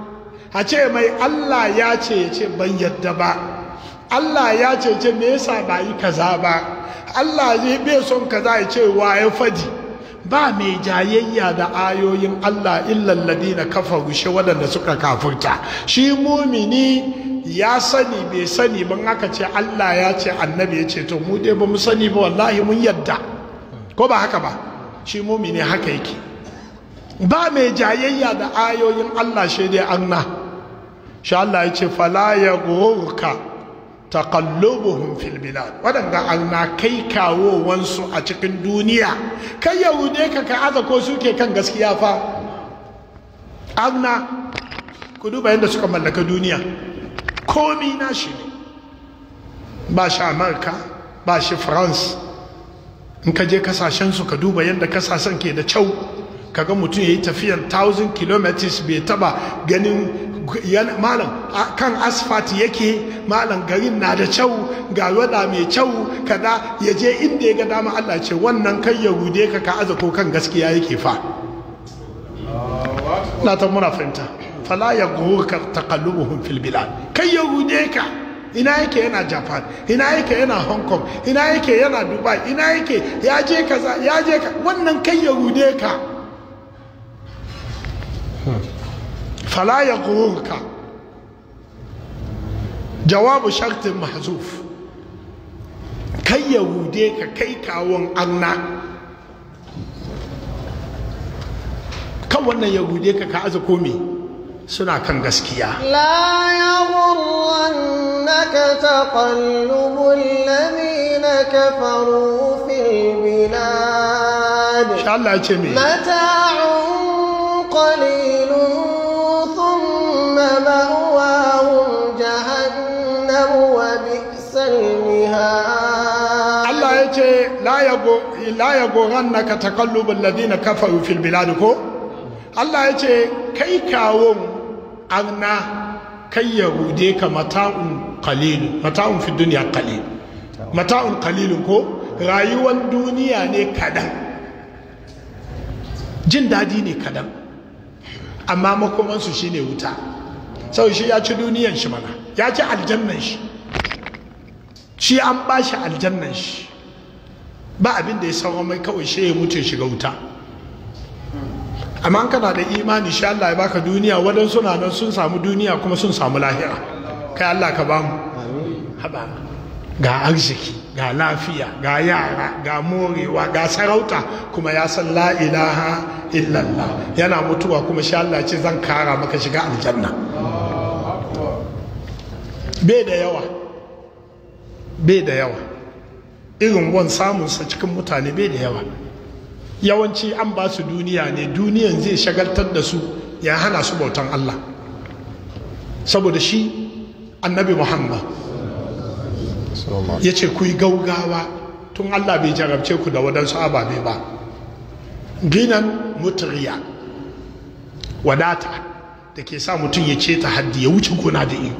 a ce mai Allah ya ce ya ce ban yadda ba Allah ya ce ce me yasa ba yi kaza ba Allah zai bai son kaza ya ce wa ya faji ba mai jayayya da ayoyin Allah illal na kafaru rushe waɗanda suka kafurta shi mumini ya sani bai sani ban haka ce Allah ya ce annabi ya ce to mu dai ba mu sani ba wallahi mun yadda ko ba haka ba shi mumini haka yake ba mai jayayya da ayoyin Allah shi dai anna shi Allah ya ce fala yaghurka taqallubuhum fil bilad wadanga anna kai kawo wansu a cikin duniya kai yahude ka ka aza ko suke kan gaskiya fa anna ku duba yadda suka mallaka duniya komi na shi ne ba shi amurka ba shi france in ka je kasashensu ka duba yadda kasashen ke da cau kaga mutum ya yi tafiyan 1000 kilometers bai taba ganin malam kan asfalt yake malam garin na da kyau ga wada mai kyau kada ya je inda ya ga dama Allah ce wannan kai ya rude ka ka aza ko kan gaskiya yake fa na ta muna fahimta fala ya ghurka taqallubuhum fil bilad kai ya rude ka ina yake yana Japan ina yake yana Hong Kong ina yake yana Dubai ina yake ya je kaza ya je ka wannan kai ya rude ka fala ya ghurka jawabu shartin mahzuf kai ya rude ka kai kawon anna kan wannan ya rude ka ka aza komi suna kan gaskiya la yaghurrannaka taqallubul ladina kafaru fil bilad insha Allah ya ce me wa Allah ya ce la yago la yaghurrannaka taqallubul ladina kafaru fil bilad ko Allah ya ce kai kawon arna kai ya rude ka mata'un kalilu mata'un fi duniya kalil mata'un kalilun ko rayuwan duniya ne kadan jin daɗi ne kadan amma makomansu shine wuta sau shi ya ci duniyan shi mana ya ci aljannan shi shi an bashi aljannan shi ba abin da ya sauwa mai kawai shi ya mutu ya shiga wuta amma kana da imani sha Allah ya baka duniya waɗansu na nan sun samu duniya kuma sun samu lahira kai Allah ka bamu ga arziki ga lafiya ga yara ga morewa ga sarauta kuma ya san la ilaha illallah yana mutuwa kuma sha Allah ce zan kara maka shiga aljanna bai da yawa bai da yawa irin wan samunsa cikin mutane bai da yawa yawanci an ba su duniya ne duniyan zai shagaltar da su ya hana su bautan Allah saboda shi annabi Muhammad ya ce ku yi gaugawa tun Allah bai jarabce ku da wadansu ababe ba ginan mutriya wadata da ke sa mutum ya ce ta haddi ya wuce gona da iyo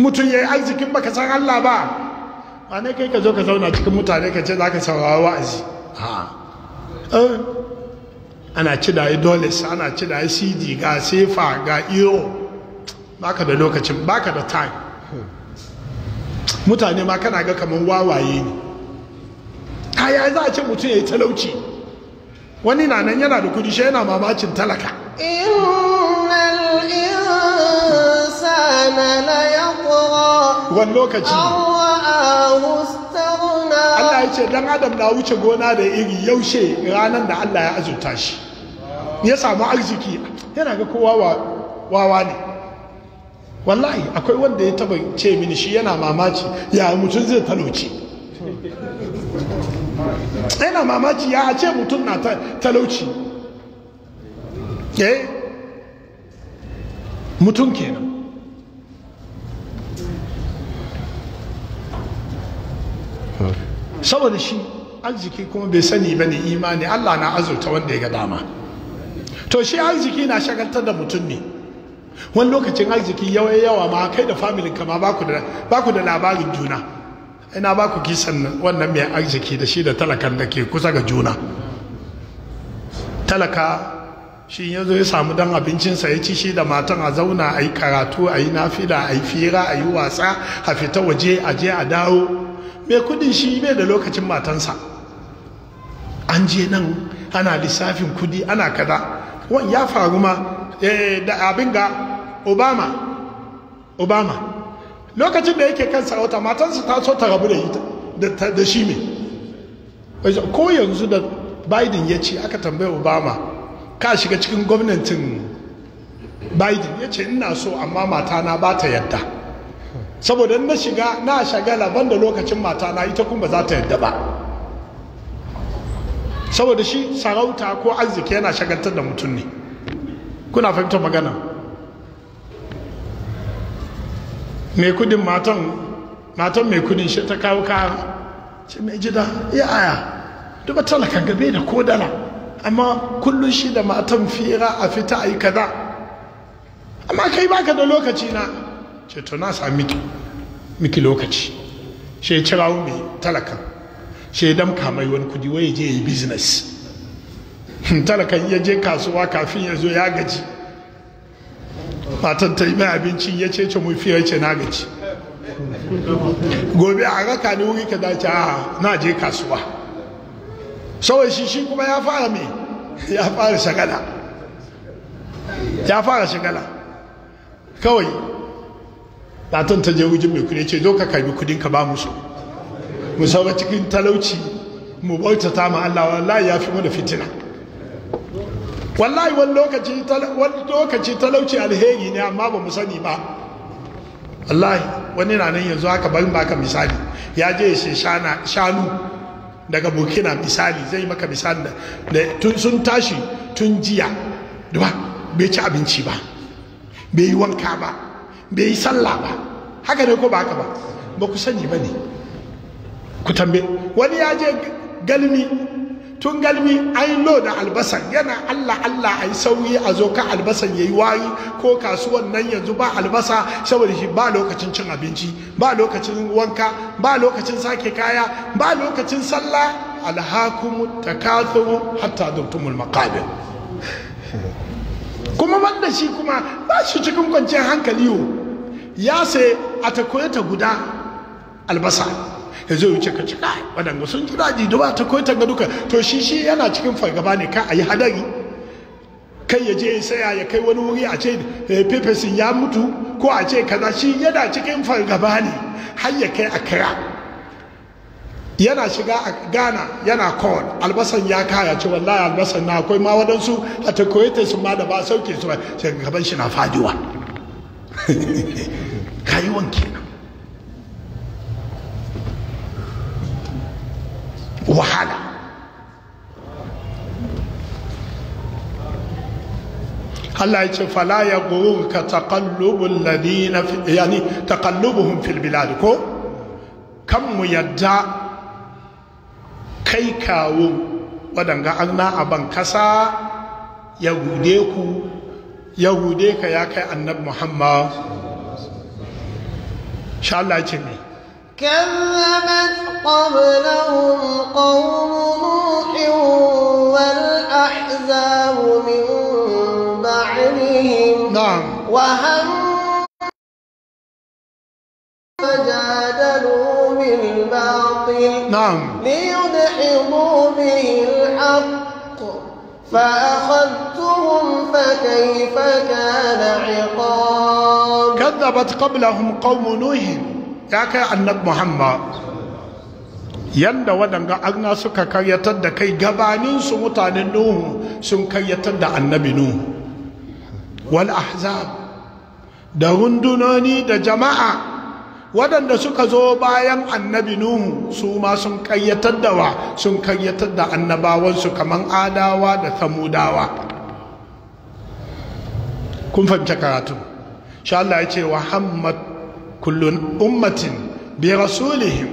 mutum ya yi arzikin baka san Allah ba ne kai ka zo ka zauna cikin mutane ka ce za ka saurara wa'azi ha eh? ana ci da dollars ana ci da cd ga sefa ga ba baka da lokacin baka da time mutane ma kana ga kamar wawaye ne kaya za a ce mutum ya yi talauci wani na nan yana da kudi shi yana mamacin talaka wani lokaci Allah ya ce dan adam na wuce gona da iri yaushe ranar da Allah ya azurta shi ya samu arziki yana ga kowa wawa ne wallahi akwai wanda ya taba ce mini shi yana mamaci ya mutum zai talauci yana mamaci ya ce mutum na talauci eh mutum kenan saboda shi arziki kuma bai sani ba ne imani allah na azurta wanda ya ga dama to shi arziki na shagaltar da mutum ne wani lokacin arziki yawa yawa ma kai da familin kama ba ku da labarin juna ina ba ku kisan wannan mai arziki da shi da talakan da ke kusa ga juna talaka shi ya zo ya samu dan abincinsa ya ci shi da matan a zauna a yi karatu a yi nafila a yi fira a yi wasa a fita waje a je a dawo mai kudin shi bai da lokacin matansa an je nan ana lissafin kudi ana kada wani ya faru ma eh, da abin ga obama obama lokacin da yake kan sarauta matansa ta so ta rabu da shi mai ko yanzu da biden ya ce aka tambaye obama ka shiga cikin gwamnatin biden ya ce ina so amma matana ba ta yadda saboda na shiga na shagala banda lokacin mata na ita kuma za ta yadda ba saboda shi sarauta ko arziki yana shagantar da mutum ne kuna fahimtar magana mai kudin matan matan mai kudin shi ta kawo kayan ce mai jida ya aya duba talaka gabe da ko amma kullum shi da matan fira a fita a yi kaza amma kai baka da lokaci na ce to na sami miki lokaci shi ya kira mai talakan shi ya damka mai wani kudi wai je yi business talakan ya je kasuwa kafin ya zo ya gaji matan ta yi mai abincin ya ce ce mu fiye ce na gaji gobe a raka ne wuri ka dace a na je kasuwa sauwa shi shi kuma ya fara mai ya fara shagala ya fara shagala kawai latin ta je wujin mai kuɗi ce zo ka karbi kudin ka ba musu mu sauka cikin talauci mu ta ma Allah wallahi ya fi mana fitina wallahi wani lokaci talauci alheri ne amma ba mu sani ba wallahi wani na nan yanzu haka bari baka misali ya je ya shanu daga burkina misali zai maka misali da sun tashi tun jiya bai ci abinci ba bai yi wanka ba bai yi sallah ba haka ne ko ba haka ba ba ku sani ba ne ku tambe wani ya je galmi tun galmi an lo da albasan yana allah allah a yi sauyi a zo ka albasan ya yi wayi ko kasuwan nan yanzu ba albasa saboda shi ba lokacin cin abinci ba lokacin wanka ba lokacin sake kaya ba lokacin sallah alhakum takathum hatta dumtumul maqabir kuma wanda shi kuma ba shi cikin kwanciyar hankali yau ya sai a ta guda albasa ya zo wuce ka cika waɗanda sun ji daji duba ta ga duka to shi shi yana cikin fargaba ne ka a yi hadari kai ya je ya saya ya kai wani wuri a ce eh, pepesin ya mutu ko a ce kaza shi yana cikin fargaba ne har ya kai a kira yana shiga a ghana yana call albasan ya kaya ce wallahi albasan na akwai ma waɗansu a ta koyata ma da ba sauke su ba shi na faduwa kayuwan kenan wahala Allah ya ce fala ya gurur ka ladina yani ko kan mu yadda kai kawo waɗanga an na a ban kasa ya gude ku ya hude ka ya محمد annab muhammad sha Allah ce كذبت قبلهم قوم نوح والأحزاب من بعدهم نعم وهم فجادلوا بالباطل نعم ليدحضوا به الحق فأخذتهم فكيف كان عقاب كذبت قبلهم قوم نوح يا كي أنك محمد yanda waɗanda agna suka karyatar da kai gabaninsu mutanen nuhu sun karyatar da annabi nuhu wal ahzab da rundunoni da jama'a waɗanda suka zo bayan annabi nuhu su ma sun kayyatar da wa sun kayyatar da annabawansu kamar adawa da samudawa kun fahimci karatu sha Allah ya ce wa hammat kullun ummatin bi rasulihim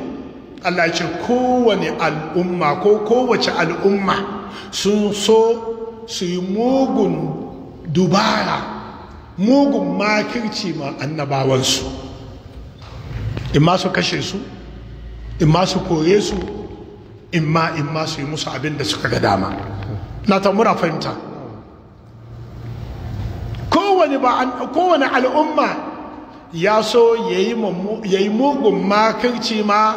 Allah ya ce kowane al'umma ko kowace al'umma sun so su yi mugun dubara mugun makirci ma annabawansu in ma su kashe su in ma su kore su in ma in ma su yi musu abin da suka ga dama na ta mura fahimta kowane al'umma ya so ya yi mugun makarci ma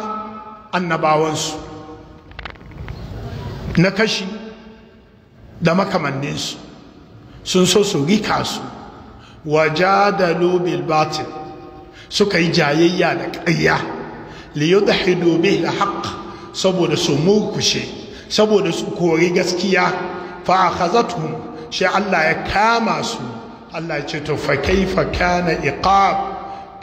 annabawansu na kashi da makamanninsu sun so su rika su wajadalu bil batil suka yi jayayya da ƙarya liyudhidu da alhaq saboda su murkushe saboda su kori gaskiya fa akhazatuhum shi Allah ya kama su Allah ya ce to fa kaifa kana iqab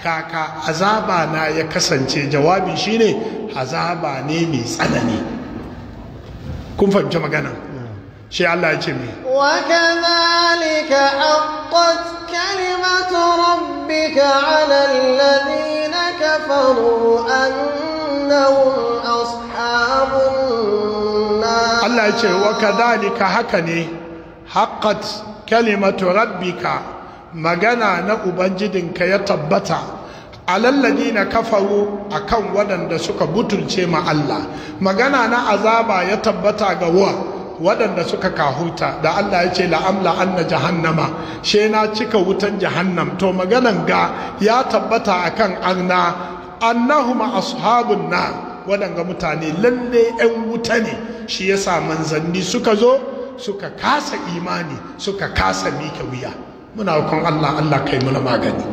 kaka azaba na ya kasance jawabi shine azaba ne mai tsanani kun fahimci magana sai Allah ya ce mi wa kadhalika haqqat kalimatu rabbika 'ala alladhina kafaru annahum ashabun nar Allah ya ce wa kadhalika haka ne haqqat kalimatu rabbika magana na ubangijinka ya tabbata alalladi na kafaru a kan waɗanda suka butulce ma Allah magana na azaba ya tabbata ga wa waɗanda suka kahuta da Allah ya ce la'amla na jahannama she na cika wutan jahannam to maganan ga ya tabbata akan anna annahuma ashabun na waɗanga mutane lalle 'yan wuta ne shi ya sa manzanni suka zo suka kasa imani suka kasa mika wuya muna kan Allah Allah kai muna magani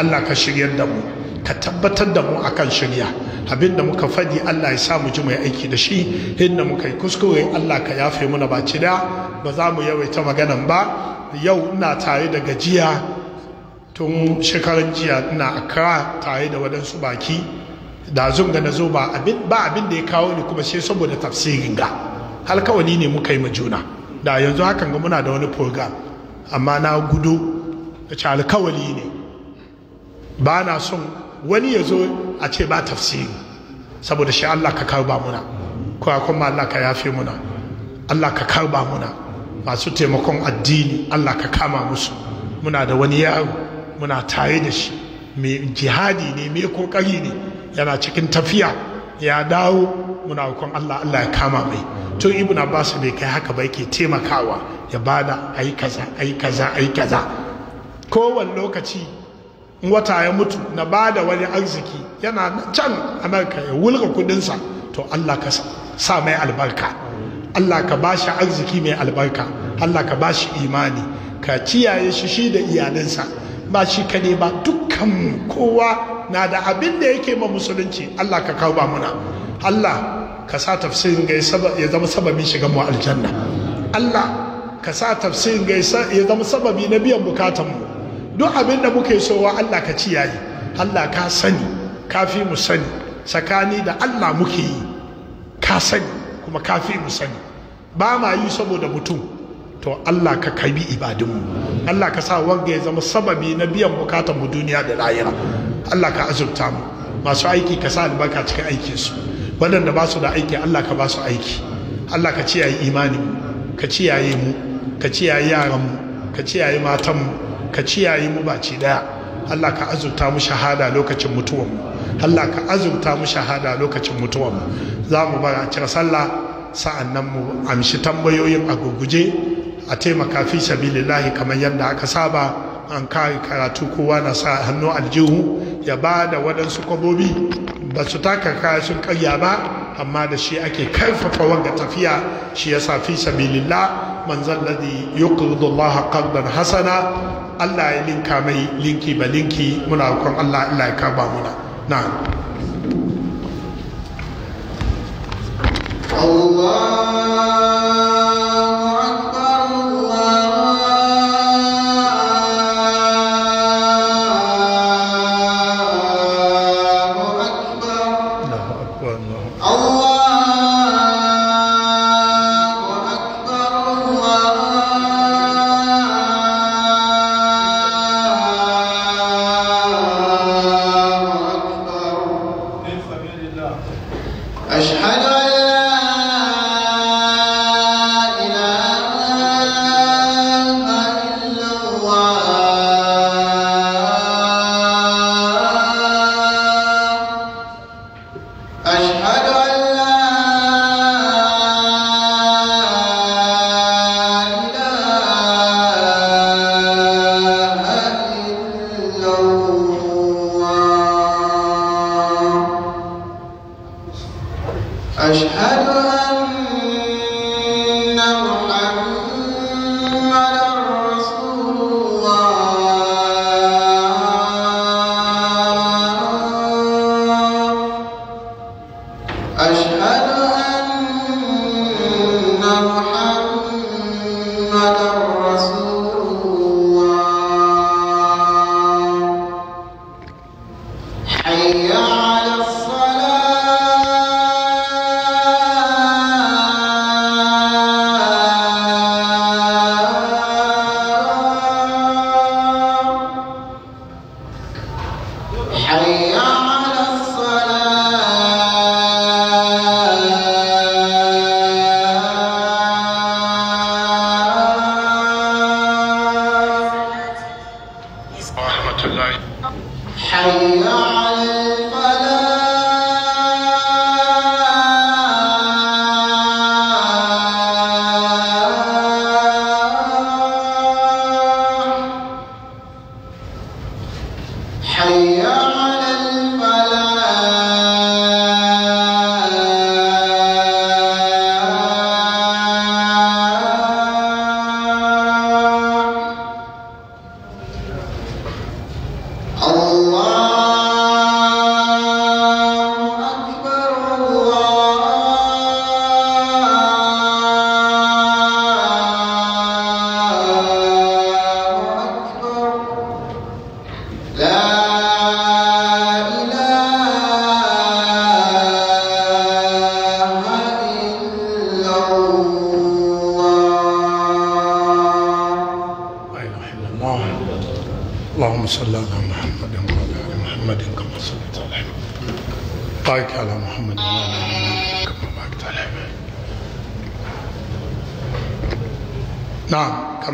Allah ka shiryar da mu ka tabbatar da mu akan shirya Abin da muka faɗi Allah ya sa mu ji mai aiki da shi inda muka yi kuskure Allah ka yafe muna ba ci da ba za mu yawaita maganan ba yau ina tare da gajiya tun shekaran jiya ina kara tare da waɗansu baki da zunga na zo ba abin da ya kawo ni kuma sai saboda tafsirin ga halkawani ne muka yi ma juna da yanzu hakan ga muna da wani program amma na gudu da alkawali ne ba na son wani ya zo a ce ba tafsiri saboda shi Allah ka karba muna kowa kuma Allah ka yafe muna Allah ka karba muna masu taimakon addini Allah ka kama musu muna da wani yaro muna tare da shi mai jihadi ne mai kokari ne yana cikin tafiya ya dawo muna roƙon Allah Allah ya kama mai tun ibn Abbas bai kai haka ba yake taimakawa ya bada ai kaza ai kaza ai kowane lokaci in wata ya mutu na ba da wani arziki yana can amurka ya wulga kudinsa to allah ka sa mai albarka allah ka ba shi arziki mai albarka allah ka ba shi imani ka ciyaye shi shi da iyalinsa ba shi ka ne ba dukkan kowa na da abin da yake ma musulunci allah ka kawo ba muna allah ka sa tafsirin ga ya zama sababin shiga mu aljanna allah ka sa tafsirin ga ya zama sababi na biyan bukatanmu duk abin da muke sowa Allah ka ci yayi Allah ka sani kafi mu sani tsakani da Allah muke yi ka sani kuma kafi mu sani ba ma yi saboda mutum to Allah ka kabi ibadunmu Allah ka sa wanga ya zama sababi na biyan bukatar mu duniya da lahira Allah ka azurta mu masu aiki ka sa albarka cikin su waɗanda ba su da aiki Allah ka ba su aiki Allah ka ciyaye imani ka ciyaye mu ka ciyaye yaran mu ka ciyaye matan mu ka ciyaye mu baci daya Allah ka azurta mu shahada lokacin mutuwa mu Allah ka azurta mu shahada lokacin mutuwan za mu bar a cire sallah sa'an nan mu amshi tambayoyin a gurguje a taimaka fi sabilillahi kamar yadda aka saba an kare karatu kowa na sa hannu aljihu ya ba da waɗansu kwabobi ba su taka kaya sun karya ba amma da shi ake karfafa wanga tafiya shi ya sa fi sabilillah man zalladhi yuqridu Allah qardan hasana Allah ya linka mai linki ba linki muna roƙon Allah Allah ya kaba muna na'am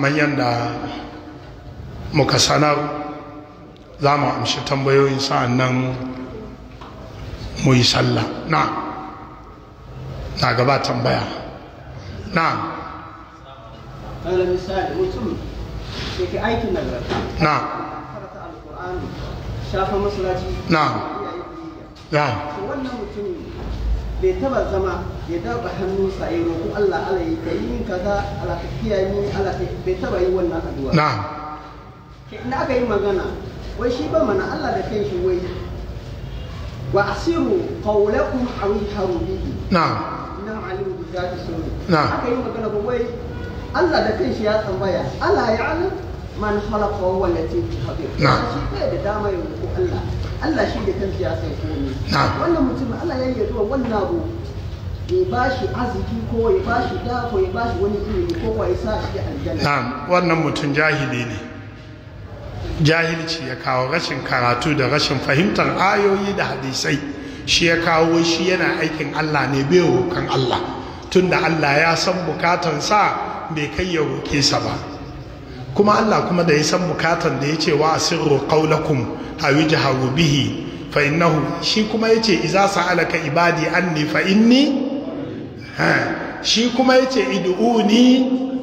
kamar yadda muka sanar za mu amshi tambayoyin sa'an nan mu yi sallah na na gaba tambaya na na shafa masulaci na na wannan mutum bai taba zama ya daba hannunsa ya roƙi Allah Allah ya yi kaza Allah kiyaye ni Allah bai taba yi wannan addu'a na'am na aka yi magana wai shi ba mana Allah da kai shi wai wa asiru qawlakum aw yahru bihi na'am na'am alimu bi zati sirri na'am aka yi magana ba wai Allah da kai shi ya tambaya Allah ya alim man khalaqa wa latif khabir na'am shi bai da dama ya ko Allah Allah shi da kansa ya sai komai na'am wannan mutum Allah ya yi addu'a wannan abu wannan mutum jahili ne jahilci ya kawo rashin karatu da rashin fahimtar ayoyi da hadisai shi ya kawo shi yana aikin Allah ne bai roƙon Allah tunda Allah ya san sa bai kai ya roƙe sa ba kuma Allah kuma da ya san bukatan da ya ce wa asirru qawlakum awi bihi fa innahu shi kuma yace iza sa'alaka ibadi anni fa inni shi kuma ya ce ni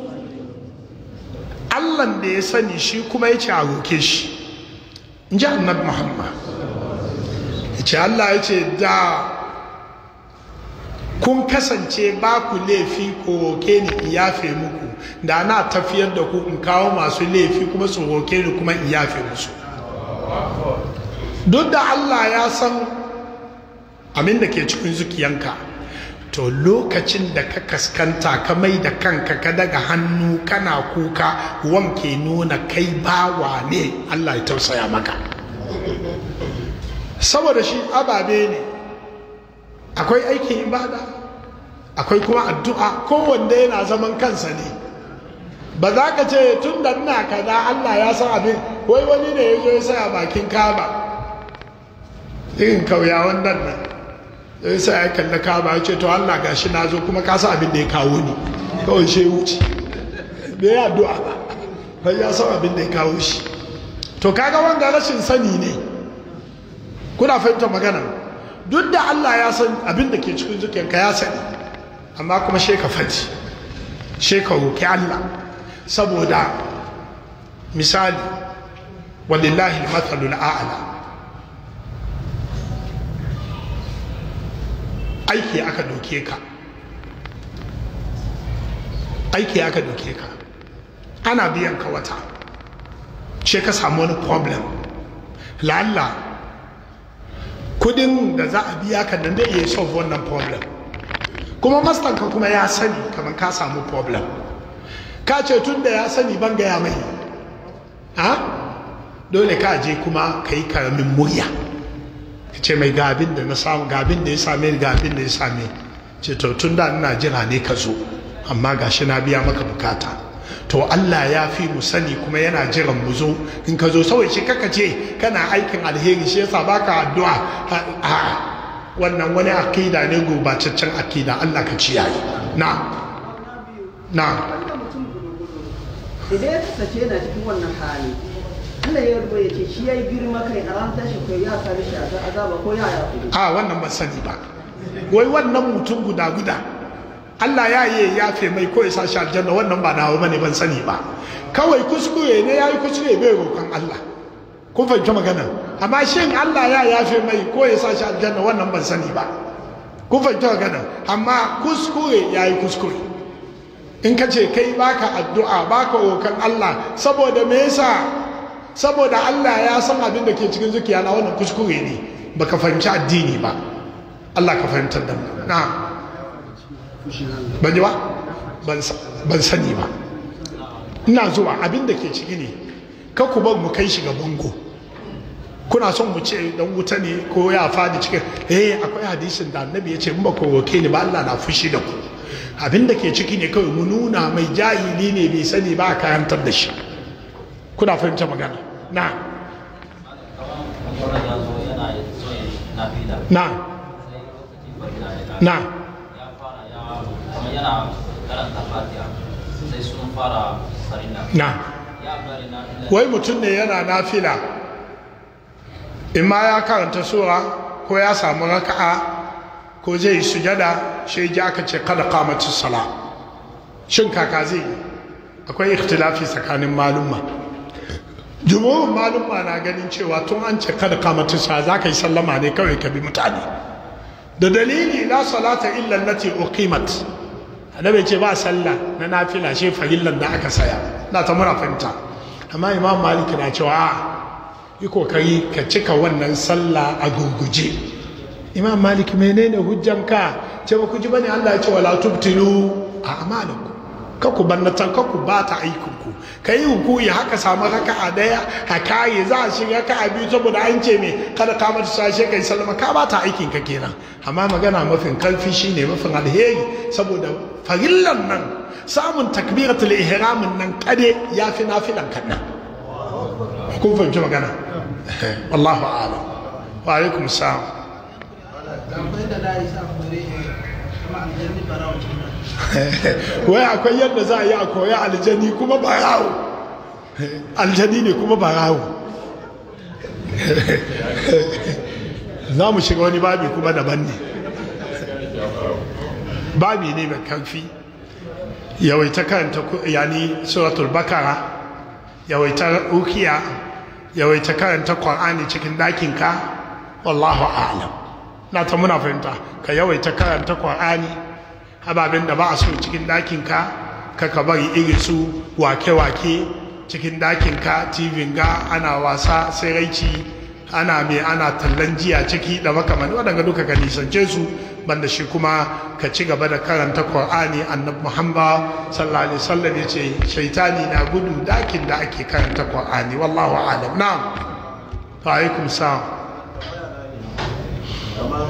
allan da ya sani shi kuma ya ce a roke shi in ji annab muhammad ya ce allah ya ce da kun kasance ba ku laifi ko roke ni in yafe muku da na tafiyar da ku in kawo masu laifi kuma su roke ni kuma in yafe musu duk da allah ya san abin da ke cikin zukiyanka to lokacin da ka kaskanta ka mai da kanka ka daga hannu kana kuka wanke nuna kai bawa ne Allah ya tausaya maka saboda shi ababe ne akwai aikin ibada akwai kuma addu'a kowanne yana zaman kansa ne ba za ka ce tun da ina kaza Allah ya san abin wai wani ne ya zo ya saya bakin kaba irin kauyawan nan nan sai sa ya kalla kaba ya ce to Allah gashi na zo kuma ka san abin da ya kawo ni kawai shi wuce bai yi addu'a ba bai ya san abin da ya kawo shi to kaga wanga rashin sani ne kuna fahimtar magana duk da Allah ya san abin da ke cikin ka ya sani amma kuma she ka faji she ka roki Allah saboda misali walillahi matalul mathalul a'la aiki aka doke ka aiki aka doke ka ana biyan ka wata ce ka samu wani problem lalla kudin da za a biya ka nan iya solve wannan problem kuma mastanka kuma ya sani kamar ka samu problem ka ce tun da ya sani ban gaya mai ha ah, dole ka je kuma ka yi karamin murya ce mai gabin da na samu gabin da ya same ni gabin da ya same ce to tun da ina jira ne ka zo amma gashi na biya maka bukata to Allah ya fi mu sani kuma yana jiran mu zo in ka zo saboda shi kaka ce kana aikin alheri shi yasa baka addu'a wannan wani akida ne gurbacaccen akida Allah ka ciyaye na na idan ya kasance na cikin wannan hali Allah ya ya ce shi ya yi girma kai a ran ya sami shi a azaba ko ya a wannan ban sani ba wai wannan mutum guda guda Allah ya yi ya fe mai ko ya sa shi aljanna wannan ba na bane ban sani ba kawai kuskure ne ya yi kuskure bai roƙon Allah kun fahimci magana amma shin Allah ya yafe mai ko ya sa shi aljanna wannan ban sani ba kun fahimci magana amma kuskure ya yi kuskure in ka ce kai baka addu'a baka roƙon Allah saboda me yasa saboda Allah ya san abin da ke cikin zuciya na wannan kuskure ne baka fahimci addini ba Allah ka fahimtar da mu na ban ba ban sani ba ina zuwa abin da ke ciki ne ka ku bar mu kai shiga ga bango kuna son mu ce dan wuta ne ko ya fadi cikin eh akwai hadisin da annabi ya ce in ba ku roke ni ba Allah na fushi da ku abin da ke ciki ne kawai mu nuna mai jahili ne bai sani ba a kayantar da shi kuna fahimta magana na na na na wai mutum ne yana nafila in ma ya karanta sura ko ya samu raka'a ko zai sujada shi ji aka ce kada kamacin sala shin kaka zai akwai ikhtilafi tsakanin malumma jumhur malum na ganin cewa tun an ce kada ka mata za ka yi sallama ne kawai ka bi mutane da dalili la salata illa allati uqimat annabi ce ba sallah na nafila shi farillan da aka saya na ta mura amma imam malik na cewa a yi kokari ka cika wannan sallah a guguje. imam malik menene hujjanka ce ba ku ji bane Allah ya ce wala tubtilu a amalakum ka ku bannata ka ku bata aikinku ka yi ya haka samu raka a daya ka kare za a shiga raka a biyu saboda an ce me kada ka mata sashe kai sallama ka bata aikin ka kenan amma magana mafin karfi shine mafin alheri saboda farillan nan samun takbiratul ihramin nan kade yafi nafilan kanna ku fahimci magana wallahu a'lam wa alaikum salam wai akwai yadda za a yi a koya aljani kuma ba aljani ne kuma ba za mu shiga wani babi kuma daban ne babi ne mai karfi yawaita karanta yani suratul bakara yawaita ukiya yawaita karanta ƙwar'ani cikin ɗakinka wallahu a'alam na ta muna fahimta ka yawaita karanta Qur'ani ababen da ba a so cikin ɗakinka ka ka bari irin su wake-wake cikin ɗakinka ka TV ga ana wasa sai raici ana mai ana tallan jiya ciki da makamani waɗanda duka ka nisance su banda shi kuma ka ci gaba da karanta Qur'ani annab Muhammad sallallahu alaihi wasallam yace shaitani na gudu ɗakin da ake karanta Qur'ani wallahu a'lam na'am wa alaikum salam kamar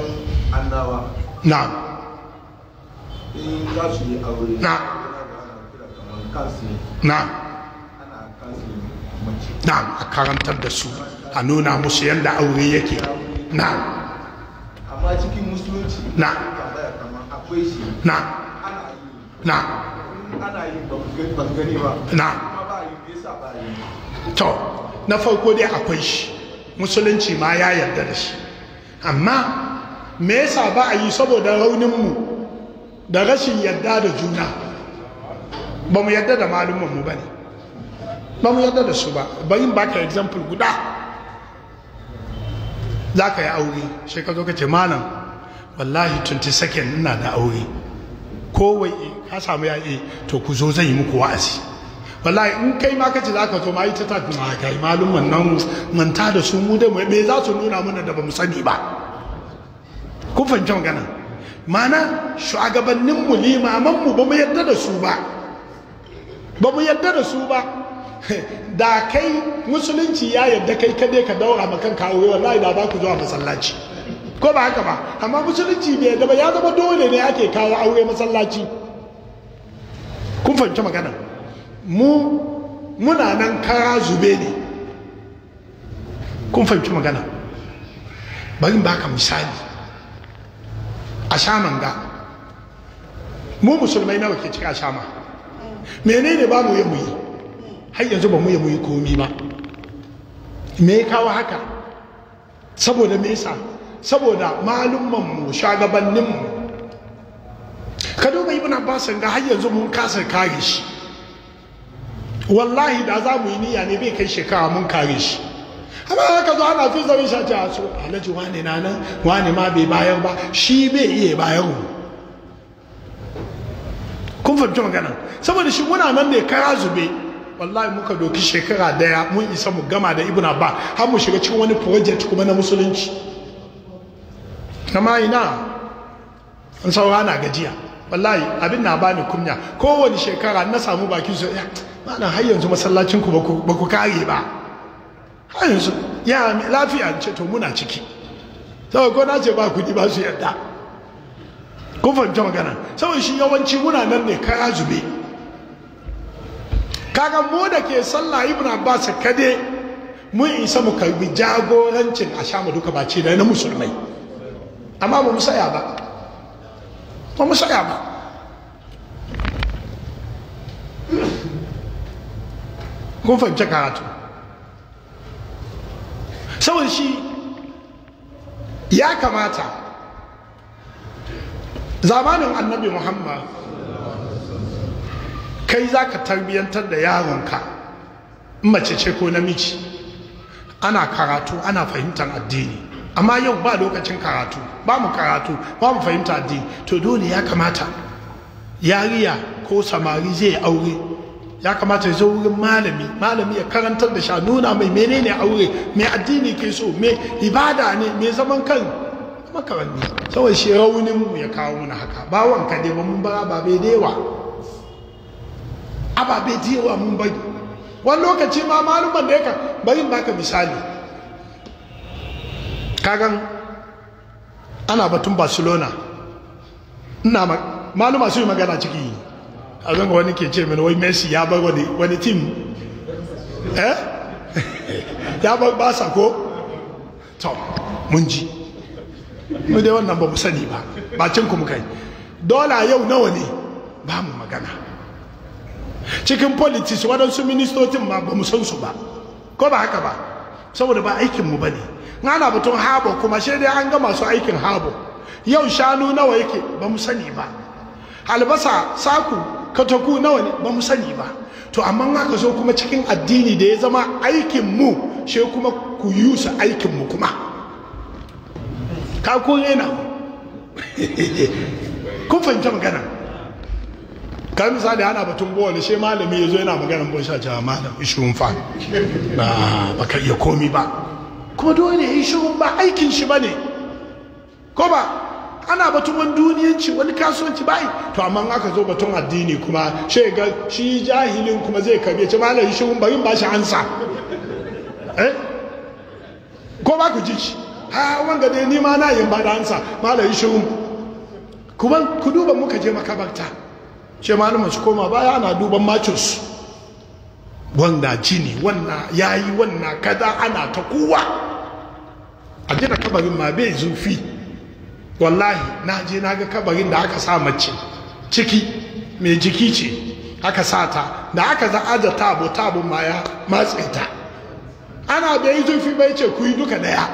annawa na in eh, za su yi aure na na na a karantar da su a nuna musu yadda aure yake na amma cikin musulunci na na na na to na farko dai akwai shi musulunci ma ya yarda da shi amma me yasa ba a yi saboda rauninmu da rashin yadda da juna ba mu yadda da malumanmu ba ne ba mu yadda da su ba bari ba ka example guda za ka yi aure shi ka zo ka ce malam wallahi 20 second ina da aure kowai eh, ka samu ya eh, to ku zo zai yi muku wa'azi wallahi in kai ma kace zaka to ma ta tafi ma kai malum wannan manta da su mu da me za su nuna mana da bamu sani ba ku magana mana shugabannin mu limaman mu bamu yarda da su ba bamu yarda da su ba da kai musulunci ya yarda kai kade ka daura ma kan kawo wallahi da ba ku zuwa masallaci ko ba haka ba amma musulunci bai yarda ba ya zama dole ne ake kawo aure masallaci kun fahimci magana mu muna nan kara zube ne kun fahimci magana bari baka misali a shaman ga mu musulmai nawa ke cika shama menene ba mu yi muyi har yanzu ba mu yi muyi komi ba me ya kawo haka saboda me yasa saboda malumman mu shagabannin mu ka duba ibn abbas ga har yanzu mun kasa kare shi wallahi da za mu yi niyya ne bai kai shekara mun kare shi amma haka zo ana fi sha shaci a so alhaji wane na nan wane ma bai bayar ba shi bai iya bayar mu kun fahimci magana saboda shi muna nan ne kara zube wallahi muka doki shekara daya mun isa mu gama da ibuna ba. har mu shiga cikin wani project kuma na musulunci kama ina an saura na gajiya wallahi abin na bani kunya kowane shekara na samu baki su ya na har yanzu masallacin ku ba ku kare ba har yanzu ya lafiya ce to muna ciki sau ko na ce ba kudi ba su yadda kun fahimci magana sau shi yawanci muna nan ne kara zube kaga mu da ke sallah ibn abbas kade mun isa mu karbi jagorancin a sha mu duka ba ce da na musulmai amma ba mu saya ba ba mu saya ba kun fahimci karatu saboda shi ya kamata zamanin annabi muhammad kai za ka tarbiyyantar da yaronka mace ce ko namiji ana karatu ana fahimtar addini amma yau ba lokacin karatu ba mu karatu ba mu fahimta di to dole ya kamata yariya ko samari zai aure ya kamata ya zo wurin malami malami ya karantar da sha nuna mai menene aure mai addini ke so mai ibada ne mai zaman kan makaranni saboda shi raunin mu ya kawo mana haka ba wanka dai ba mun ba ababe da yawa ababe mun bari wani lokaci ma malaman da yaka bari baka misali kagan ana batun barcelona ina maluma su yi magana ciki a zanga wani ke ce mini wai messi ya bar wani tim eh ya bar basa ko tom mun ji mu dai wannan ba mu sani ba ba cin ku muka yi dola yau nawa ne ba mu magana cikin politics waɗansu ministocin ma ba mu san su ba ko ba haka ba saboda ba aikinmu ba ne ana batun habo kuma shi dai an ga masu aikin habo yau shanu nawa yake ba mu sani ba albasa saku kataku nawa ne ba mu sani ba to amma haka zo kuma cikin addini da ya zama aikin mu shi kuma ku su aikin mu kuma ka kun yana kun fahimta magana ka misali ana batun bola shi malami ya zo yana magana bon sha jama'a ah, malam ishun fa ba ka iya komi ba kuma dole ya yi shirin ba aikin shi ba ne ko ba ana batun wani duniyanci wani kasuwanci bai to amma aka zo batun addini kuma shi ga shi jahilin kuma zai kabe ce malam yi shirin bayin ba shi ansa eh ko ba ku ji shi ha wanga dai ni ma na yin ba da ansa malam yi shirin kuma ku duba muka je makabarta ce malamin su koma baya ana duban macinsu Wanda jini wannan yayi wannan kada ana ta kowa a gina kabarin ma bai zufi wallahi na je na ga kabarin da aka sa mace ciki mai jiki ce aka sa ta da aka za aza tabo tabo ma ya matse ta ana bai zufi bai ce ku yi duka daya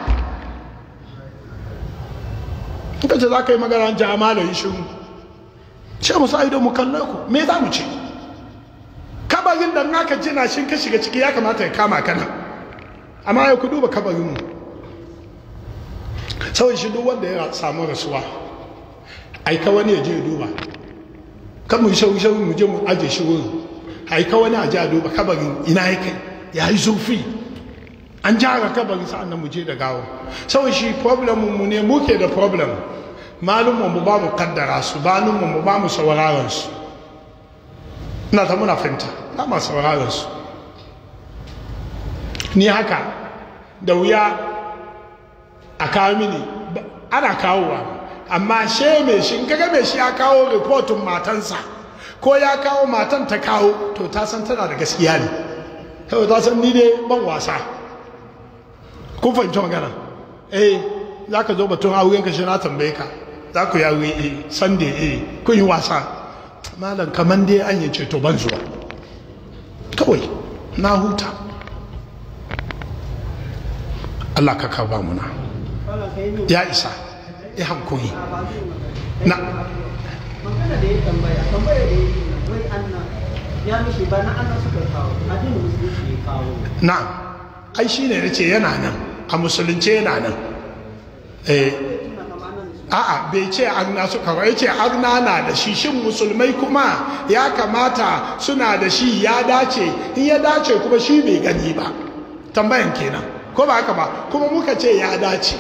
kuka ce za ka yi magana jama'a da yi shiru ce musa ido mu kalle ku me za mu ce kabarin da naka jina shi ka shiga ciki ya kamata ya kama kana amma ya ku duba kabarinmu saboda shi duk wanda ya samu rasuwa aika wani ya je ya duba kan mu shau shau mu je mu aje shi wurin aika wani a je a duba kabarin ina kai ya yi zurfi an jara kabarin sa'an nan mu je da gawo saboda shi problem mu ne muke da problem malumma mu ba mu kaddara su banumman mu ba mu sauraron su na ta muna fahimta na masu su ni haka da wuya a kawo mini ana kawowa amma she me shi in kaga me shi ya kawo rikotin matansa ko ya kawo matan ta kawo to ta san tana da gaskiya ne kawai ta san ni ne ban wasa kun fahimci magana eh za ka zo batun auren ka shi na tambaye ka za ku yawo eh sunday eh kun yi wasa malam kamar dai an yi ceto ban zuwa kawai na huta Allah ka kawo muna ya isa ya hankuri na da ya tambaya ya mishi ba na annan suka kawo musulunci ya kawo na ai yana nan a musulunce yana nan eh, a'a bai ce arna suka ba ce arna na da shi shin musulmai kuma ya kamata suna da shi ya dace in ya dace kuma shi bai gani ba tambayan kenan ko ba haka ba kuma muka ce ya dace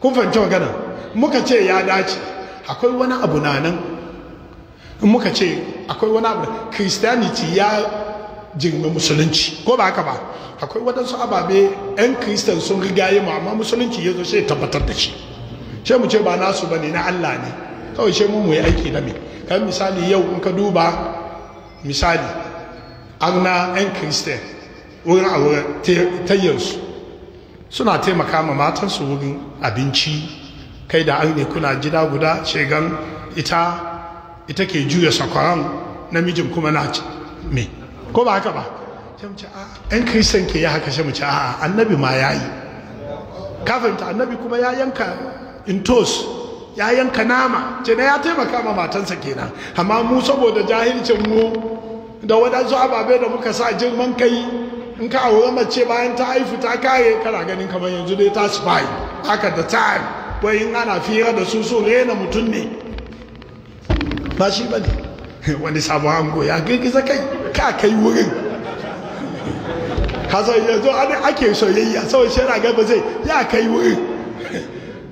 kun fahimci magana muka ce ya dace akwai wani abu na nan in muka ce akwai wani abu christianity ya jirgin musulunci ko ba haka ba akwai waɗansu ababe 'yan kristan sun riga yi amma musulunci ya zo sai tabbatar da shi ce mu ce ba nasu ba ne na Allah ne kawai ce mu mu yi aiki na mai kan misali yau in ka duba misali an na 'yan kristiyan wurin wurin tayyarsu suna taimaka ma matansu wurin abinci kai da an ne kuna gida guda shegan ita ita ke juya sakwaran namijin kuma na me ko ba haka ba yan kristiyan ke yi haka shi mu ce a annabi ma ya yi kafinta annabi kuma ya yanka intos ya yanka nama ce ya taimaka ma matansa kenan amma mu saboda jahilcin mu da wadansu ababe da muka sa girman kai in ka aure mace bayan ta haifu ta kare kana ganin kamar yanzu dai ta spy haka da time wai in ana fira da su so rena mutum ne ba shi ba ne wani sabon hango ya girgiza kai ka kai wurin ka yanzu ake soyayya sau shi yana gaba zai ya kai wurin